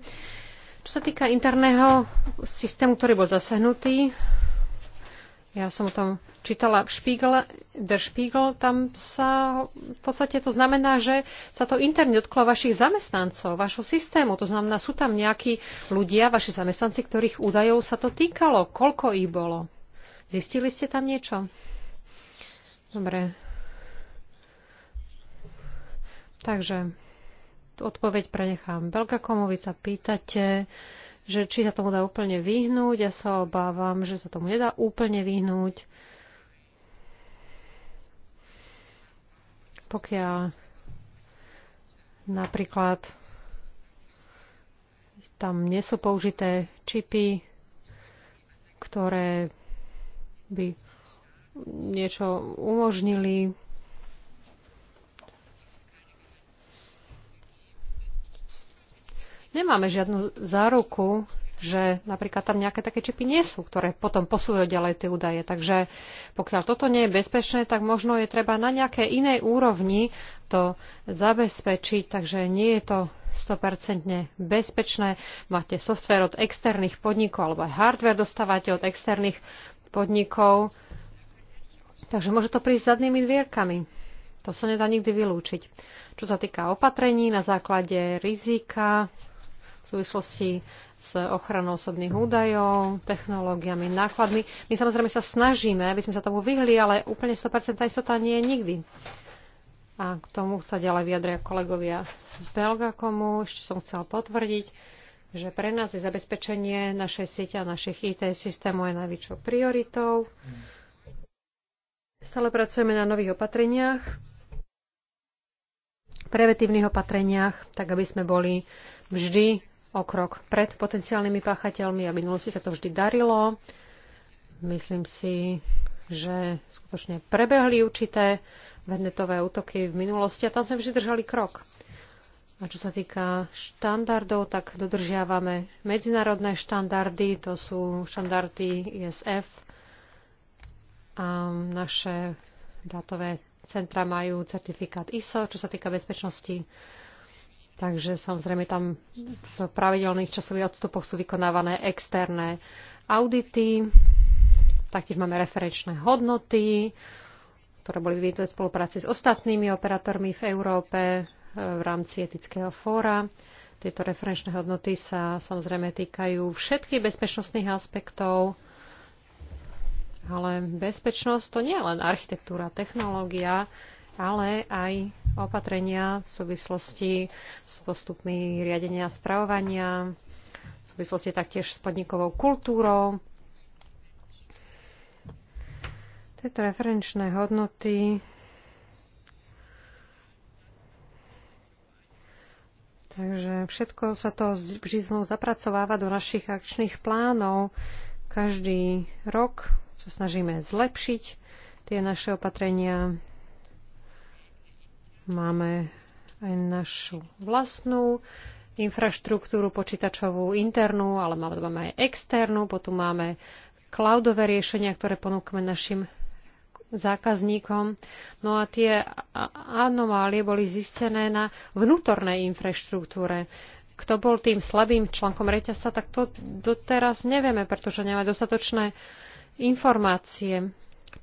Čo sa týka interného systému, ktorý bol zasehnutý, ja som o tom čítala v Spiegel, Der Spiegel, tam sa v podstate to znamená, že sa to interne dotklo vašich zamestnancov, vašho systému. To znamená, sú tam nejakí ľudia, vaši zamestnanci, ktorých údajov sa to týkalo. Koľko ich bolo? Zistili ste tam niečo? Dobre. Takže odpoveď prenechám. Belka Komovica, pýtate, že či sa tomu dá úplne vyhnúť. Ja sa obávam, že sa tomu nedá úplne vyhnúť. Pokiaľ napríklad tam nie sú použité čipy, ktoré by niečo umožnili nemáme žiadnu záruku, že napríklad tam nejaké také čipy nie sú, ktoré potom posúvajú ďalej tie údaje. Takže pokiaľ toto nie je bezpečné, tak možno je treba na nejakej inej úrovni to zabezpečiť, takže nie je to 100% bezpečné. Máte software od externých podnikov alebo aj hardware dostávate od externých podnikov. Takže môže to prísť zadnými dvierkami. To sa nedá nikdy vylúčiť. Čo sa týka opatrení na základe rizika, v súvislosti s ochranou osobných údajov, technológiami, nákladmi. My samozrejme sa snažíme, aby sme sa tomu vyhli, ale úplne 100% istota nie je nikdy. A k tomu sa ďalej vyjadria kolegovia z Belgakomu. Ešte som chcela potvrdiť, že pre nás je zabezpečenie našej siete a našich IT systémov je najväčšou prioritou. Stále pracujeme na nových opatreniach, preventívnych opatreniach, tak aby sme boli vždy o krok pred potenciálnymi páchateľmi a v minulosti sa to vždy darilo. Myslím si, že skutočne prebehli určité vednetové útoky v minulosti a tam sme vždy držali krok. A čo sa týka štandardov, tak dodržiavame medzinárodné štandardy, to sú štandardy ISF a naše dátové centra majú certifikát ISO, čo sa týka bezpečnosti Takže samozrejme tam v pravidelných časových odstupoch sú vykonávané externé audity, taktiež máme referenčné hodnoty, ktoré boli vyvinuté v spolupráci s ostatnými operátormi v Európe e, v rámci etického fóra. Tieto referenčné hodnoty sa samozrejme týkajú všetkých bezpečnostných aspektov, ale bezpečnosť to nie je len architektúra, technológia, ale aj opatrenia v súvislosti s postupmi riadenia a spravovania, v súvislosti taktiež s podnikovou kultúrou. Tieto referenčné hodnoty Takže všetko sa to vždy zapracováva do našich akčných plánov. Každý rok sa snažíme zlepšiť tie naše opatrenia, Máme aj našu vlastnú infraštruktúru počítačovú internú, ale máme aj externú, potom máme cloudové riešenia, ktoré ponúkame našim zákazníkom. No a tie anomálie boli zistené na vnútornej infraštruktúre. Kto bol tým slabým článkom reťazca, tak to doteraz nevieme, pretože nemáme dostatočné informácie.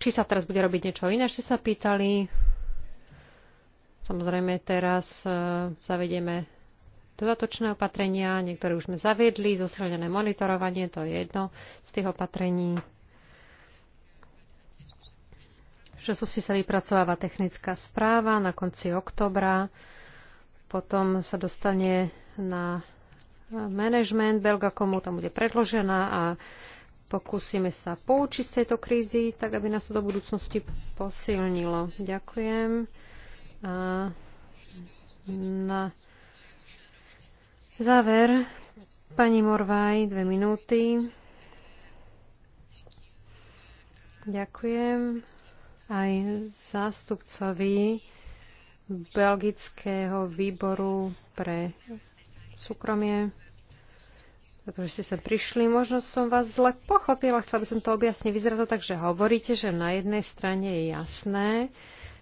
Či sa teraz bude robiť niečo iné, či sa pýtali, Samozrejme, teraz e, zavedieme dodatočné opatrenia, niektoré už sme zaviedli, zosilnené monitorovanie, to je jedno z tých opatrení, že si sa vypracováva technická správa na konci oktobra, potom sa dostane na management Belga, komu tam bude predložená a pokúsime sa poučiť z tejto krízy, tak aby nás to do budúcnosti posilnilo. Ďakujem. A na záver, pani Morvaj, dve minúty. Ďakujem aj zástupcovi Belgického výboru pre súkromie, pretože ste sa prišli. Možno som vás zle pochopila, chcela by som to objasniť. Vyzerá to tak, že hovoríte, že na jednej strane je jasné,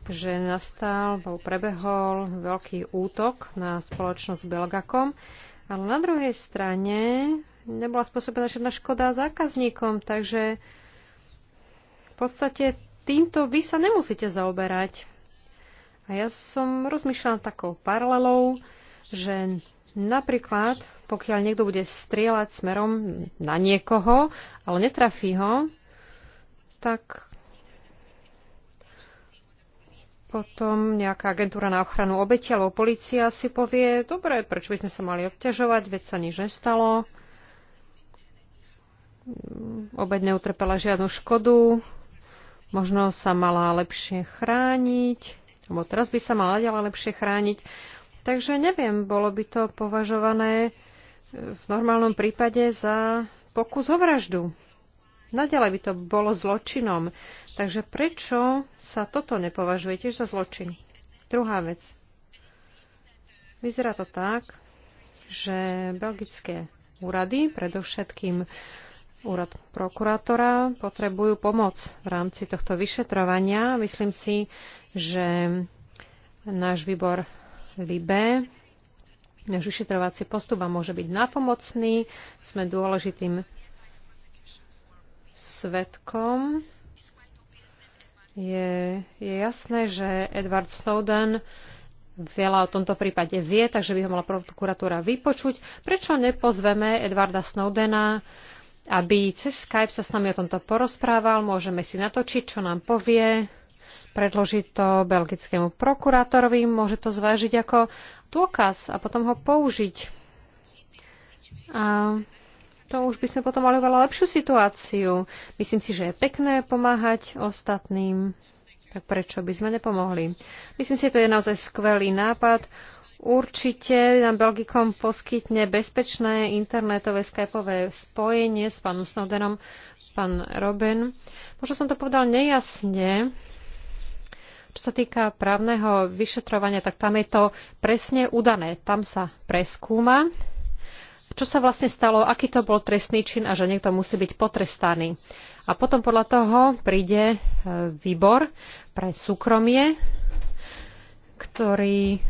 že nastal, bol prebehol veľký útok na spoločnosť Belgakom, ale na druhej strane nebola spôsobená žiadna škoda zákazníkom, takže v podstate týmto vy sa nemusíte zaoberať. A ja som rozmýšľala takou paralelou, že napríklad, pokiaľ niekto bude strieľať smerom na niekoho, ale netrafí ho, tak potom nejaká agentúra na ochranu obeti alebo policia si povie, dobre, prečo by sme sa mali obťažovať, veď sa nič nestalo, obeď neutrpela žiadnu škodu, možno sa mala lepšie chrániť, alebo teraz by sa mala ďalej lepšie chrániť. Takže neviem, bolo by to považované v normálnom prípade za pokus o vraždu. Naďalej by to bolo zločinom. Takže prečo sa toto nepovažuje tiež za zločin? Druhá vec. Vyzerá to tak, že belgické úrady, predovšetkým úrad prokurátora, potrebujú pomoc v rámci tohto vyšetrovania. Myslím si, že náš výbor LIBE, náš vyšetrovací postup a môže byť napomocný. Sme dôležitým svetkom. Je, je jasné, že Edward Snowden veľa o tomto prípade vie, takže by ho mala prokuratúra vypočuť. Prečo nepozveme Edwarda Snowdena, aby cez Skype sa s nami o tomto porozprával? Môžeme si natočiť, čo nám povie, predložiť to belgickému prokurátorovi, môže to zvážiť ako dôkaz a potom ho použiť. A to už by sme potom mali veľa lepšiu situáciu. Myslím si, že je pekné pomáhať ostatným, tak prečo by sme nepomohli? Myslím si, že to je naozaj skvelý nápad. Určite nám Belgikom poskytne bezpečné internetové skypové spojenie s pánom Snowdenom, pán Robin. Možno som to povedal nejasne, čo sa týka právneho vyšetrovania, tak tam je to presne udané. Tam sa preskúma, čo sa vlastne stalo, aký to bol trestný čin a že niekto musí byť potrestaný. A potom podľa toho príde e, výbor pre súkromie, ktorý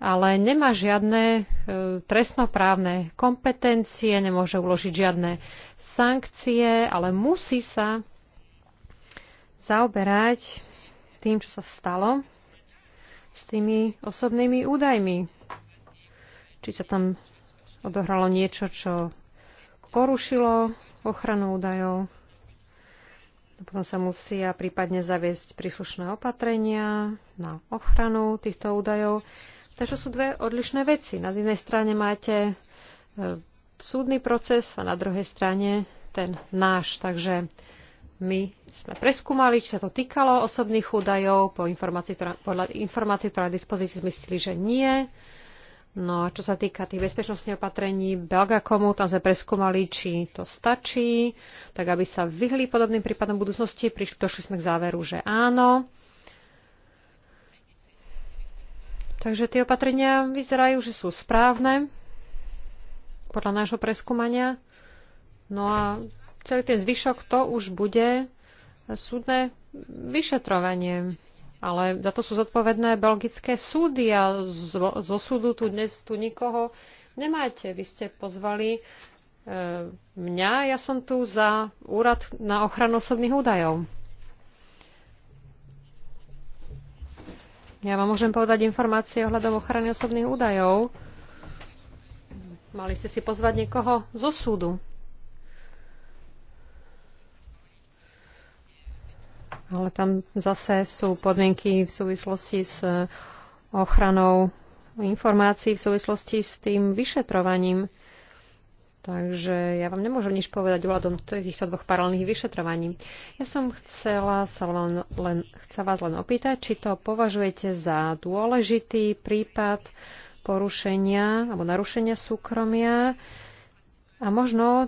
ale nemá žiadne e, trestnoprávne kompetencie, nemôže uložiť žiadne sankcie, ale musí sa zaoberať tým, čo sa stalo s tými osobnými údajmi. Či sa tam odohralo niečo, čo porušilo ochranu údajov. Potom sa musia prípadne zaviesť príslušné opatrenia na ochranu týchto údajov. Takže sú dve odlišné veci. Na jednej strane máte e, súdny proces a na druhej strane ten náš. Takže my sme preskúmali, či sa to týkalo osobných údajov, po informácii, ktorá, podľa informácií, ktorá je dispozícii, zmyslili, že nie. No a čo sa týka tých bezpečnostných opatrení Belgakomu, tam sme preskúmali, či to stačí, tak aby sa vyhli podobným prípadom v budúcnosti. Prišli, došli sme k záveru, že áno. Takže tie opatrenia vyzerajú, že sú správne podľa nášho preskúmania. No a celý ten zvyšok to už bude súdne vyšetrovanie ale za to sú zodpovedné belgické súdy a zo, zo súdu tu dnes tu nikoho nemáte. Vy ste pozvali e, mňa, ja som tu za úrad na ochranu osobných údajov. Ja vám môžem povedať informácie ohľadom ochrany osobných údajov. Mali ste si pozvať niekoho zo súdu. ale tam zase sú podmienky v súvislosti s e, ochranou informácií, v súvislosti s tým vyšetrovaním. Takže ja vám nemôžem nič povedať ohľadom týchto dvoch paralelných vyšetrovaní. Ja som chcela sa len, len, chcela vás len opýtať, či to považujete za dôležitý prípad porušenia alebo narušenia súkromia a možno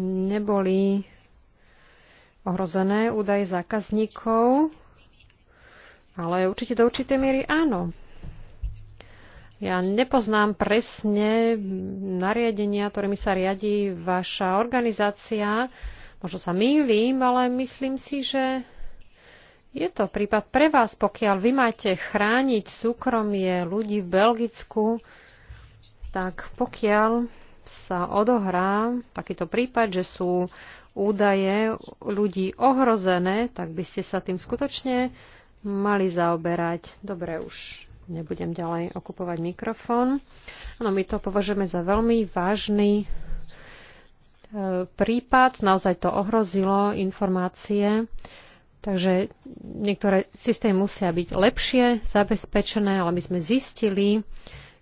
neboli ohrozené údaje zákazníkov, ale určite do určitej miery áno. Ja nepoznám presne nariadenia, ktorými sa riadi vaša organizácia. Možno sa mýlim, ale myslím si, že je to prípad pre vás, pokiaľ vy máte chrániť súkromie ľudí v Belgicku, tak pokiaľ sa odohrá takýto prípad, že sú údaje ľudí ohrozené, tak by ste sa tým skutočne mali zaoberať. Dobre, už nebudem ďalej okupovať mikrofón. No, my to považujeme za veľmi vážny e, prípad, naozaj to ohrozilo informácie, takže niektoré systémy musia byť lepšie zabezpečené, ale my sme zistili,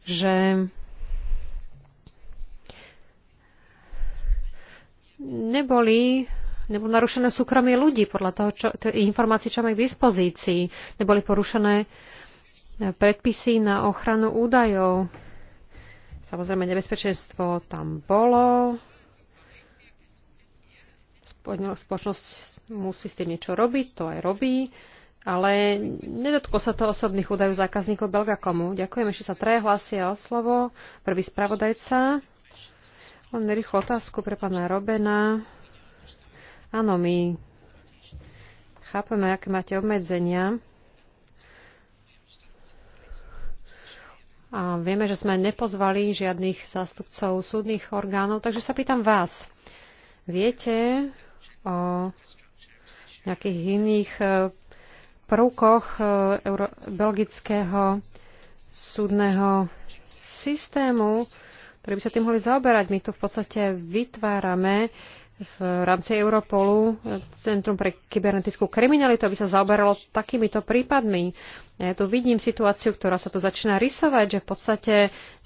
že neboli nebolo narušené súkromie ľudí podľa toho, čo, to informácií, čo majú k dispozícii. Neboli porušené predpisy na ochranu údajov. Samozrejme, nebezpečenstvo tam bolo. Spoločnosť musí s tým niečo robiť, to aj robí, ale nedotklo sa to osobných údajov zákazníkov Belgakomu. Ďakujem, ešte sa traja hlasia o slovo. Prvý spravodajca. Len rýchlo otázku pre pána Robena. Áno, my chápeme, aké máte obmedzenia. A vieme, že sme nepozvali žiadnych zástupcov súdnych orgánov, takže sa pýtam vás. Viete o nejakých iných e, prvkoch e, belgického súdneho systému, ktorí by sa tým mohli zaoberať. My tu v podstate vytvárame v rámci Europolu Centrum pre kybernetickú kriminalitu, aby sa zaoberalo takýmito prípadmi. Ja tu vidím situáciu, ktorá sa tu začína rysovať, že v podstate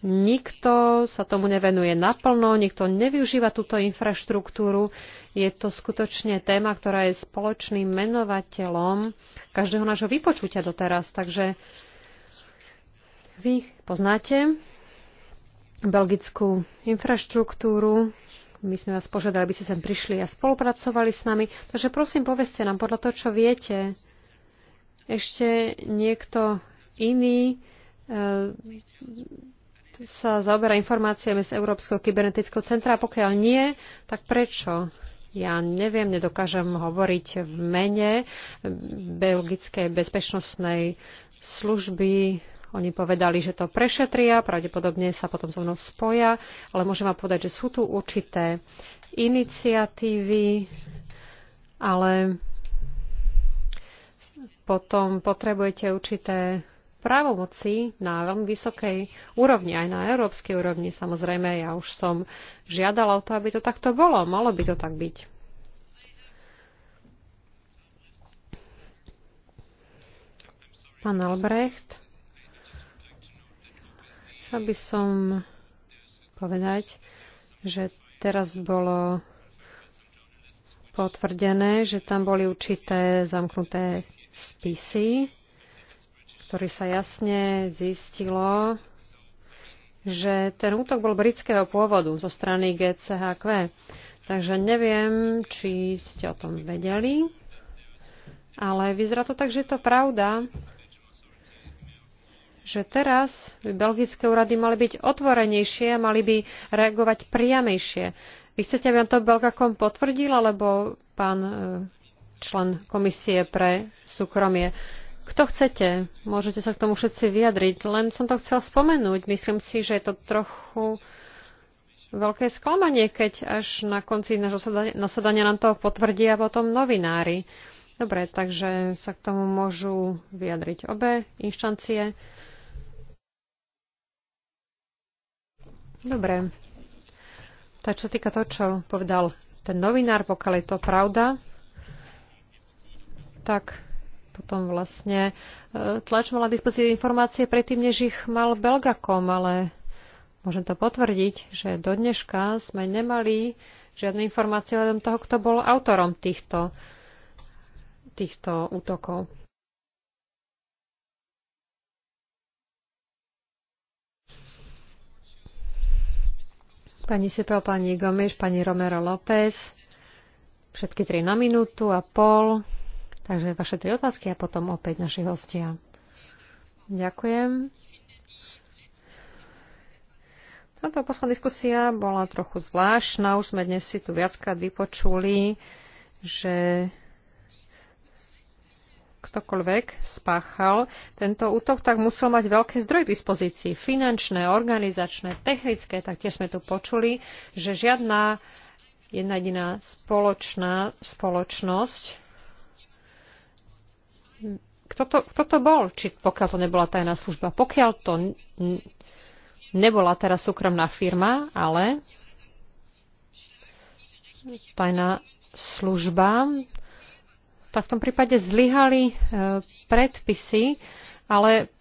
nikto sa tomu nevenuje naplno, nikto nevyužíva túto infraštruktúru. Je to skutočne téma, ktorá je spoločným menovateľom každého nášho vypočutia doteraz. Takže vy poznáte belgickú infraštruktúru. My sme vás požiadali, aby ste sem prišli a spolupracovali s nami. Takže prosím, poveste nám podľa toho, čo viete. Ešte niekto iný e, sa zaoberá informáciami z Európskeho kybernetického centra. A pokiaľ nie, tak prečo? Ja neviem, nedokážem hovoriť v mene Belgickej bezpečnostnej služby oni povedali, že to prešetria, pravdepodobne sa potom so mnou spoja, ale môžem vám povedať, že sú tu určité iniciatívy, ale potom potrebujete určité právomoci na veľmi vysokej úrovni, aj na európskej úrovni. Samozrejme, ja už som žiadala o to, aby to takto bolo. Malo by to tak byť. Pán Albrecht. Chcel by som povedať, že teraz bolo potvrdené, že tam boli určité zamknuté spisy, ktorý sa jasne zistilo, že ten útok bol britského pôvodu zo strany GCHQ. Takže neviem, či ste o tom vedeli, ale vyzerá to tak, že je to pravda že teraz by belgické úrady mali byť otvorenejšie a mali by reagovať priamejšie. Vy chcete, aby vám to Belgakom potvrdil, alebo pán e, člen komisie pre súkromie? Kto chcete? Môžete sa k tomu všetci vyjadriť. Len som to chcel spomenúť. Myslím si, že je to trochu veľké sklamanie, keď až na konci nášho nasadania nám to potvrdia potom novinári. Dobre, takže sa k tomu môžu vyjadriť obe inštancie. Dobre. Tak čo týka to, čo povedal ten novinár, pokiaľ je to pravda, tak potom vlastne e, tlač mala dispozície informácie predtým, než ich mal Belgakom, ale môžem to potvrdiť, že do dneška sme nemali žiadne informácie o toho, kto bol autorom týchto, týchto útokov. Pani Sepel, pani Gomeš, pani Romero López. Všetky tri na minútu a pol. Takže vaše tri otázky a potom opäť naši hostia. Ďakujem. Táto posledná diskusia bola trochu zvláštna. Už sme dnes si tu viackrát vypočuli, že ktokoľvek spáchal tento útok, tak musel mať veľké zdroje k dispozícii. Finančné, organizačné, technické, tak tiež sme tu počuli, že žiadna jedna jediná spoločná spoločnosť kto to, kto to bol, či pokiaľ to nebola tajná služba. Pokiaľ to nebola teraz súkromná firma, ale tajná služba, tak v tom prípade zlyhali e, predpisy, ale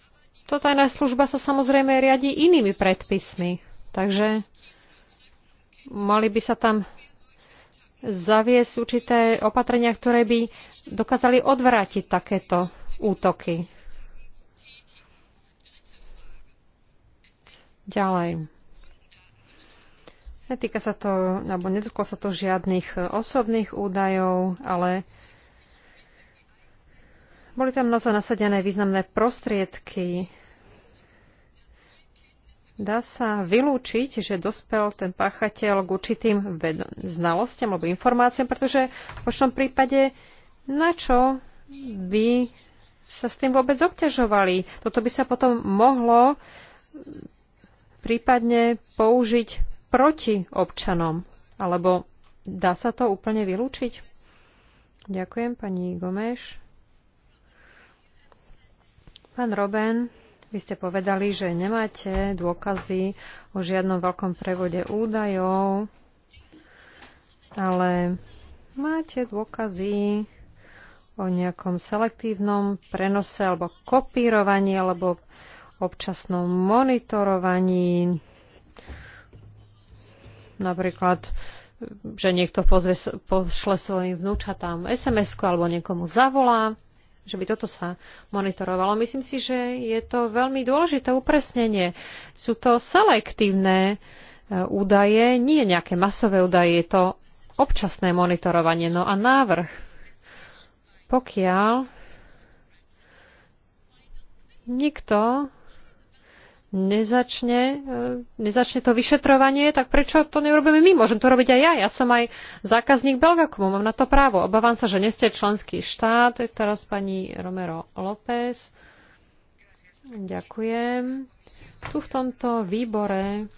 to tajná služba sa samozrejme riadi inými predpismi. Takže mali by sa tam zaviesť určité opatrenia, ktoré by dokázali odvrátiť takéto útoky. Ďalej. Netýka sa to, alebo nedotklo sa to žiadnych osobných údajov, ale boli tam mnoho nasadené významné prostriedky. Dá sa vylúčiť, že dospel ten páchateľ k určitým znalostiam alebo informáciám, pretože v počnom prípade na čo by sa s tým vôbec obťažovali. Toto by sa potom mohlo prípadne použiť proti občanom. Alebo dá sa to úplne vylúčiť? Ďakujem, pani Gomeš. Pán Roben, vy ste povedali, že nemáte dôkazy o žiadnom veľkom prevode údajov, ale máte dôkazy o nejakom selektívnom prenose alebo kopírovaní alebo občasnom monitorovaní. Napríklad, že niekto pozve, pošle svojim vnúčatám sms ku alebo niekomu zavolá že by toto sa monitorovalo. Myslím si, že je to veľmi dôležité upresnenie. Sú to selektívne e, údaje, nie nejaké masové údaje, je to občasné monitorovanie. No a návrh, pokiaľ nikto nezačne, e, nezačne to vyšetrovanie, tak prečo to neurobíme my? Môžem to robiť aj ja. Ja som aj zákazník Belgakomu, mám na to právo. Obávam sa, že neste členský štát. Teraz pani Romero López. Ďakujem. Tu v tomto výbore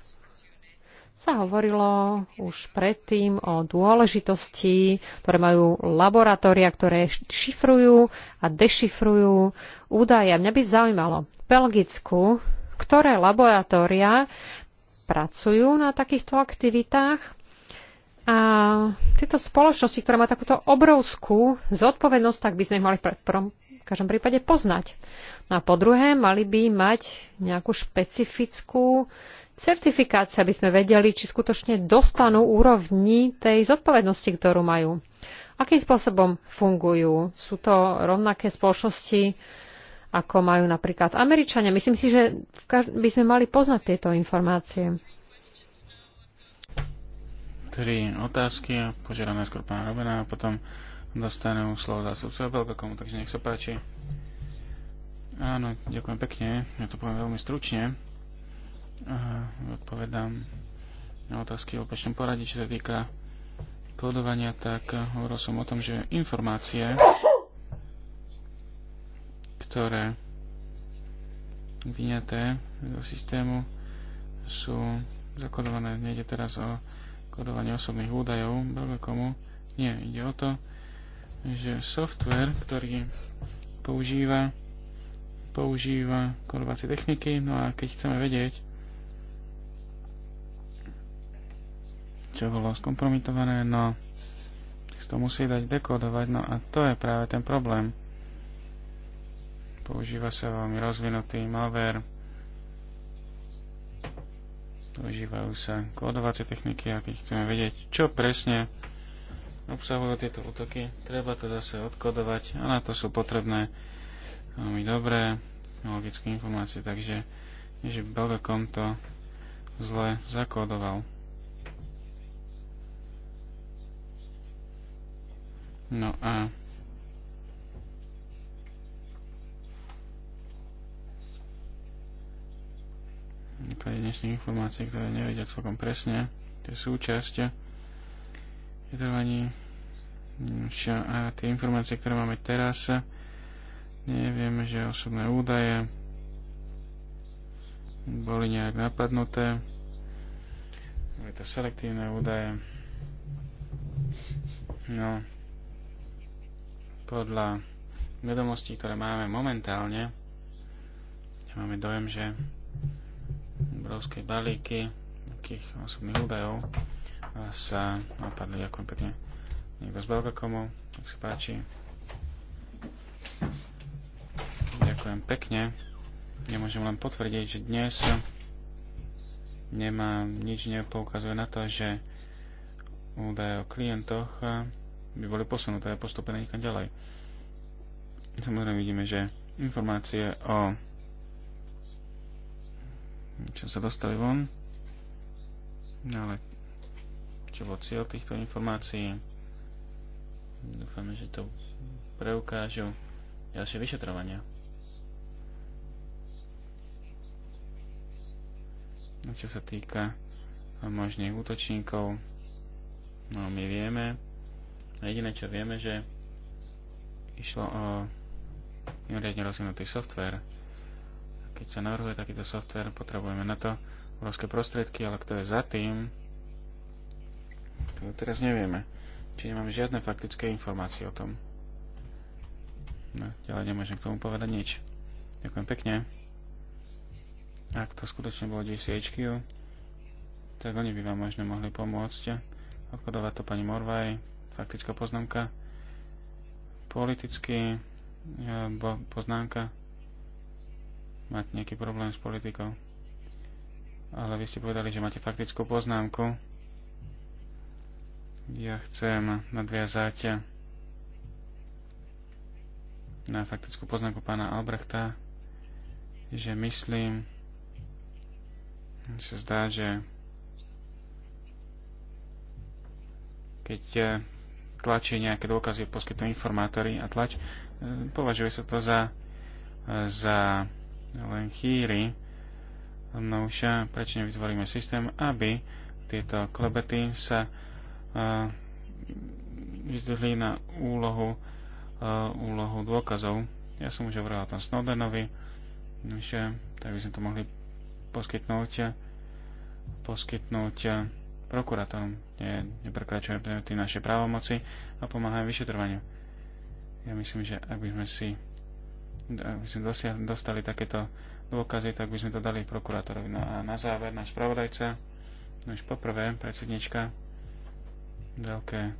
sa hovorilo už predtým o dôležitosti, ktoré majú laboratória, ktoré šifrujú a dešifrujú údaje. Mňa by zaujímalo, v Belgicku ktoré laboratória pracujú na takýchto aktivitách. A tieto spoločnosti, ktoré má takúto obrovskú zodpovednosť, tak by sme ich mali v každom prípade poznať. No a po druhé, mali by mať nejakú špecifickú certifikáciu, aby sme vedeli, či skutočne dostanú úrovni tej zodpovednosti, ktorú majú. Akým spôsobom fungujú? Sú to rovnaké spoločnosti, ako majú napríklad Američania. Myslím si, že by sme mali poznať tieto informácie. Tri otázky a požiadam najskôr pána Robena a potom dostanú slovo zástupcov Belgakomu, takže nech sa páči. Áno, ďakujem pekne, ja to poviem veľmi stručne. A odpovedám na otázky o opačnom poradí, čo sa týka kódovania, tak hovoril som o tom, že informácie ktoré vyňaté do systému sú zakodované. Nejde teraz o kodovanie osobných údajov veľkomu. Nie, ide o to, že software, ktorý používa, používa kodovacie techniky, no a keď chceme vedieť, čo bolo skompromitované, no to musí dať dekodovať, no a to je práve ten problém. Používa sa veľmi rozvinutý malware. Používajú sa kódovacie techniky a chceme vedieť, čo presne obsahujú tieto útoky, treba to zase odkodovať a na to sú potrebné veľmi dobré logické informácie, takže nie, že Belgacom to zle zakódoval. No a základe dnešných informácií, ktoré nevedia celkom presne, to je súčasť vytrvaní a tie informácie, ktoré máme teraz, nevieme, že osobné údaje boli nejak napadnuté, boli to selektívne údaje. No, podľa vedomostí, ktoré máme momentálne, ja máme dojem, že obrovské balíky takých osobných údajov sa napadli. Ďakujem pekne. Niekto z Belgakomu, nech sa páči. Ďakujem pekne. Nemôžem len potvrdiť, že dnes nemá nič nepoukazuje na to, že údaje o klientoch by boli posunuté a postupené nikam ďalej. Samozrejme vidíme, že informácie o čo sa dostali von. No ale čo bol cieľ týchto informácií? Dúfame, že to preukážu ďalšie vyšetrovania. No, čo sa týka možných útočníkov, no my vieme, a jediné čo vieme, že išlo o mimoriadne rozvinutý software, keď sa navrhuje takýto software, potrebujeme na to obrovské prostriedky, ale kto je za tým, to teraz nevieme. Či nemám žiadne faktické informácie o tom. No, ďalej nemôžem k tomu povedať nič. Ďakujem pekne. Ak to skutočne bolo GCHQ, tak oni by vám možno mohli pomôcť. Odkodová to pani Morvaj, faktická poznámka. Politicky, eh, poznámka mať nejaký problém s politikou. Ale vy ste povedali, že máte faktickú poznámku. Ja chcem nadviazať na faktickú poznámku pána Albrechta, že myslím, že sa zdá, že keď eh, tlačí nejaké dôkazy, poskytujú informátory a tlač, eh, považuje sa to za, eh, za len chýri. No už prečo nevytvoríme systém, aby tieto klebety sa uh, vyzdvihli na úlohu, uh, úlohu dôkazov. Ja som už hovoril o tom Snowdenovi, že tak by sme to mohli poskytnúť, poskytnúť prokurátorom. Nie neprekračujeme tie naše právomoci a pomáhajú vyšetrovaniu. Ja myslím, že ak by sme si aby sme dostali takéto dôkazy, tak by sme to dali prokurátorovi. No a na záver náš pravodajca, no už poprvé predsednička, veľké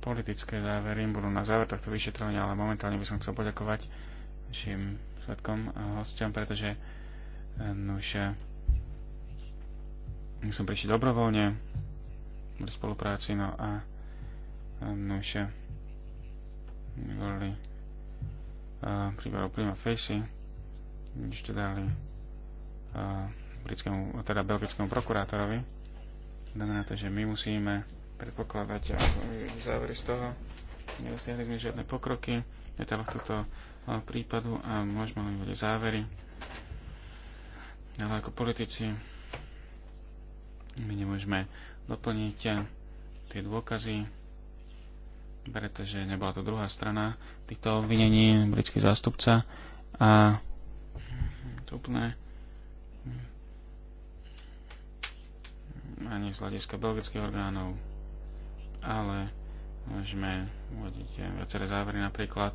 politické závery budú na záver tohto vyšetrovania, ale momentálne by som chcel poďakovať našim svetkom a hostom, pretože eh, už eh, som prišiel dobrovoľne pri spolupráci, no a eh, nuž boli prípadov Prima Facy, ešte dali britskému, teda belgickému prokurátorovi. Znamená to, že my musíme predpokladať a závery z toho. Nedosiahli sme žiadne pokroky v tohto prípadu a môžeme len vedieť závery. Ale ako politici my nemôžeme doplniť tie dôkazy, pretože nebola to druhá strana týchto obvinení, britský zástupca a to úplne ani z hľadiska belgických orgánov, ale môžeme uvodiť viaceré závery napríklad,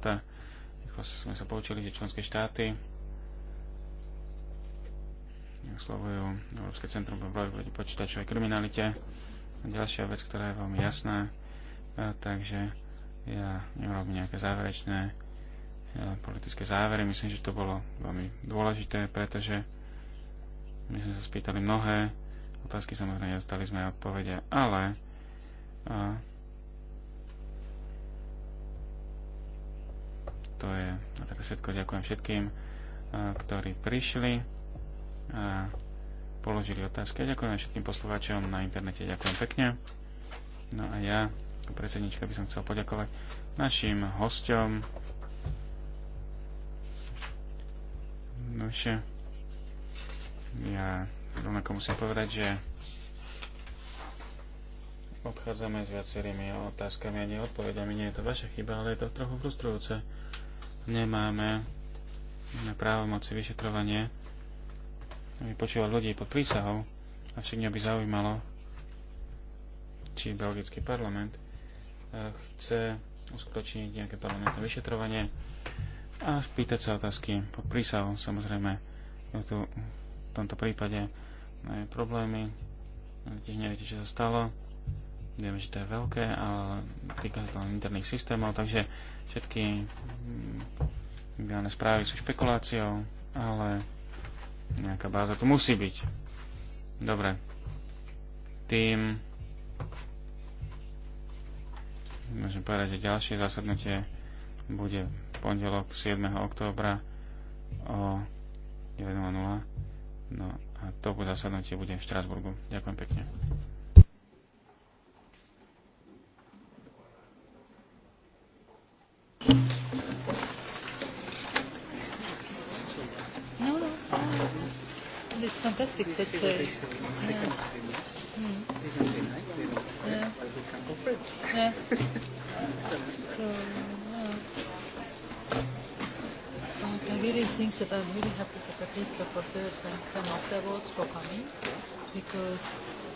ako sme sa poučili, že členské štáty oslovujú Európske centrum pre boj proti počítačovej kriminalite. A ďalšia vec, ktorá je veľmi jasná, takže ja nerobím nejaké záverečné e, politické závery. Myslím, že to bolo veľmi dôležité, pretože my sme sa spýtali mnohé otázky, samozrejme dostali sme aj odpovede, ale a, to je na také všetko. Ďakujem všetkým, a, e, ktorí prišli a položili otázky. Ďakujem všetkým poslucháčom na internete. Ďakujem pekne. No a ja predsednička, by som chcel poďakovať našim hosťom. Nože, ja rovnako musím povedať, že obchádzame s viacerými otázkami a neodpovediami. Nie je to vaša chyba, ale je to trochu frustrujúce. Nemáme na právomoci vyšetrovanie vypočúvať ľudí pod prísahou. Avšak mňa by zaujímalo, či belgický parlament E, chce uskutočniť nejaké parlamentné vyšetrovanie a spýtať sa otázky pod prísahou. Samozrejme, tu, v tomto prípade majú problémy, tiež neviete, čo sa stalo. Viem, že to je veľké, ale týka sa to len interných systémov, takže všetky mm, ideálne správy sú špekuláciou, ale nejaká báza tu musí byť. Dobre. Tým môžem povedať, že ďalšie zasadnutie bude pondelok 7. októbra o 9.00. No a to zasadnutie bude v Štrasburgu. Ďakujem pekne. No, no. It's fantastic. It's, uh, yeah. Mm. Yeah. so, I really think that I'm really happy that at least the reporters and some afterwards for coming because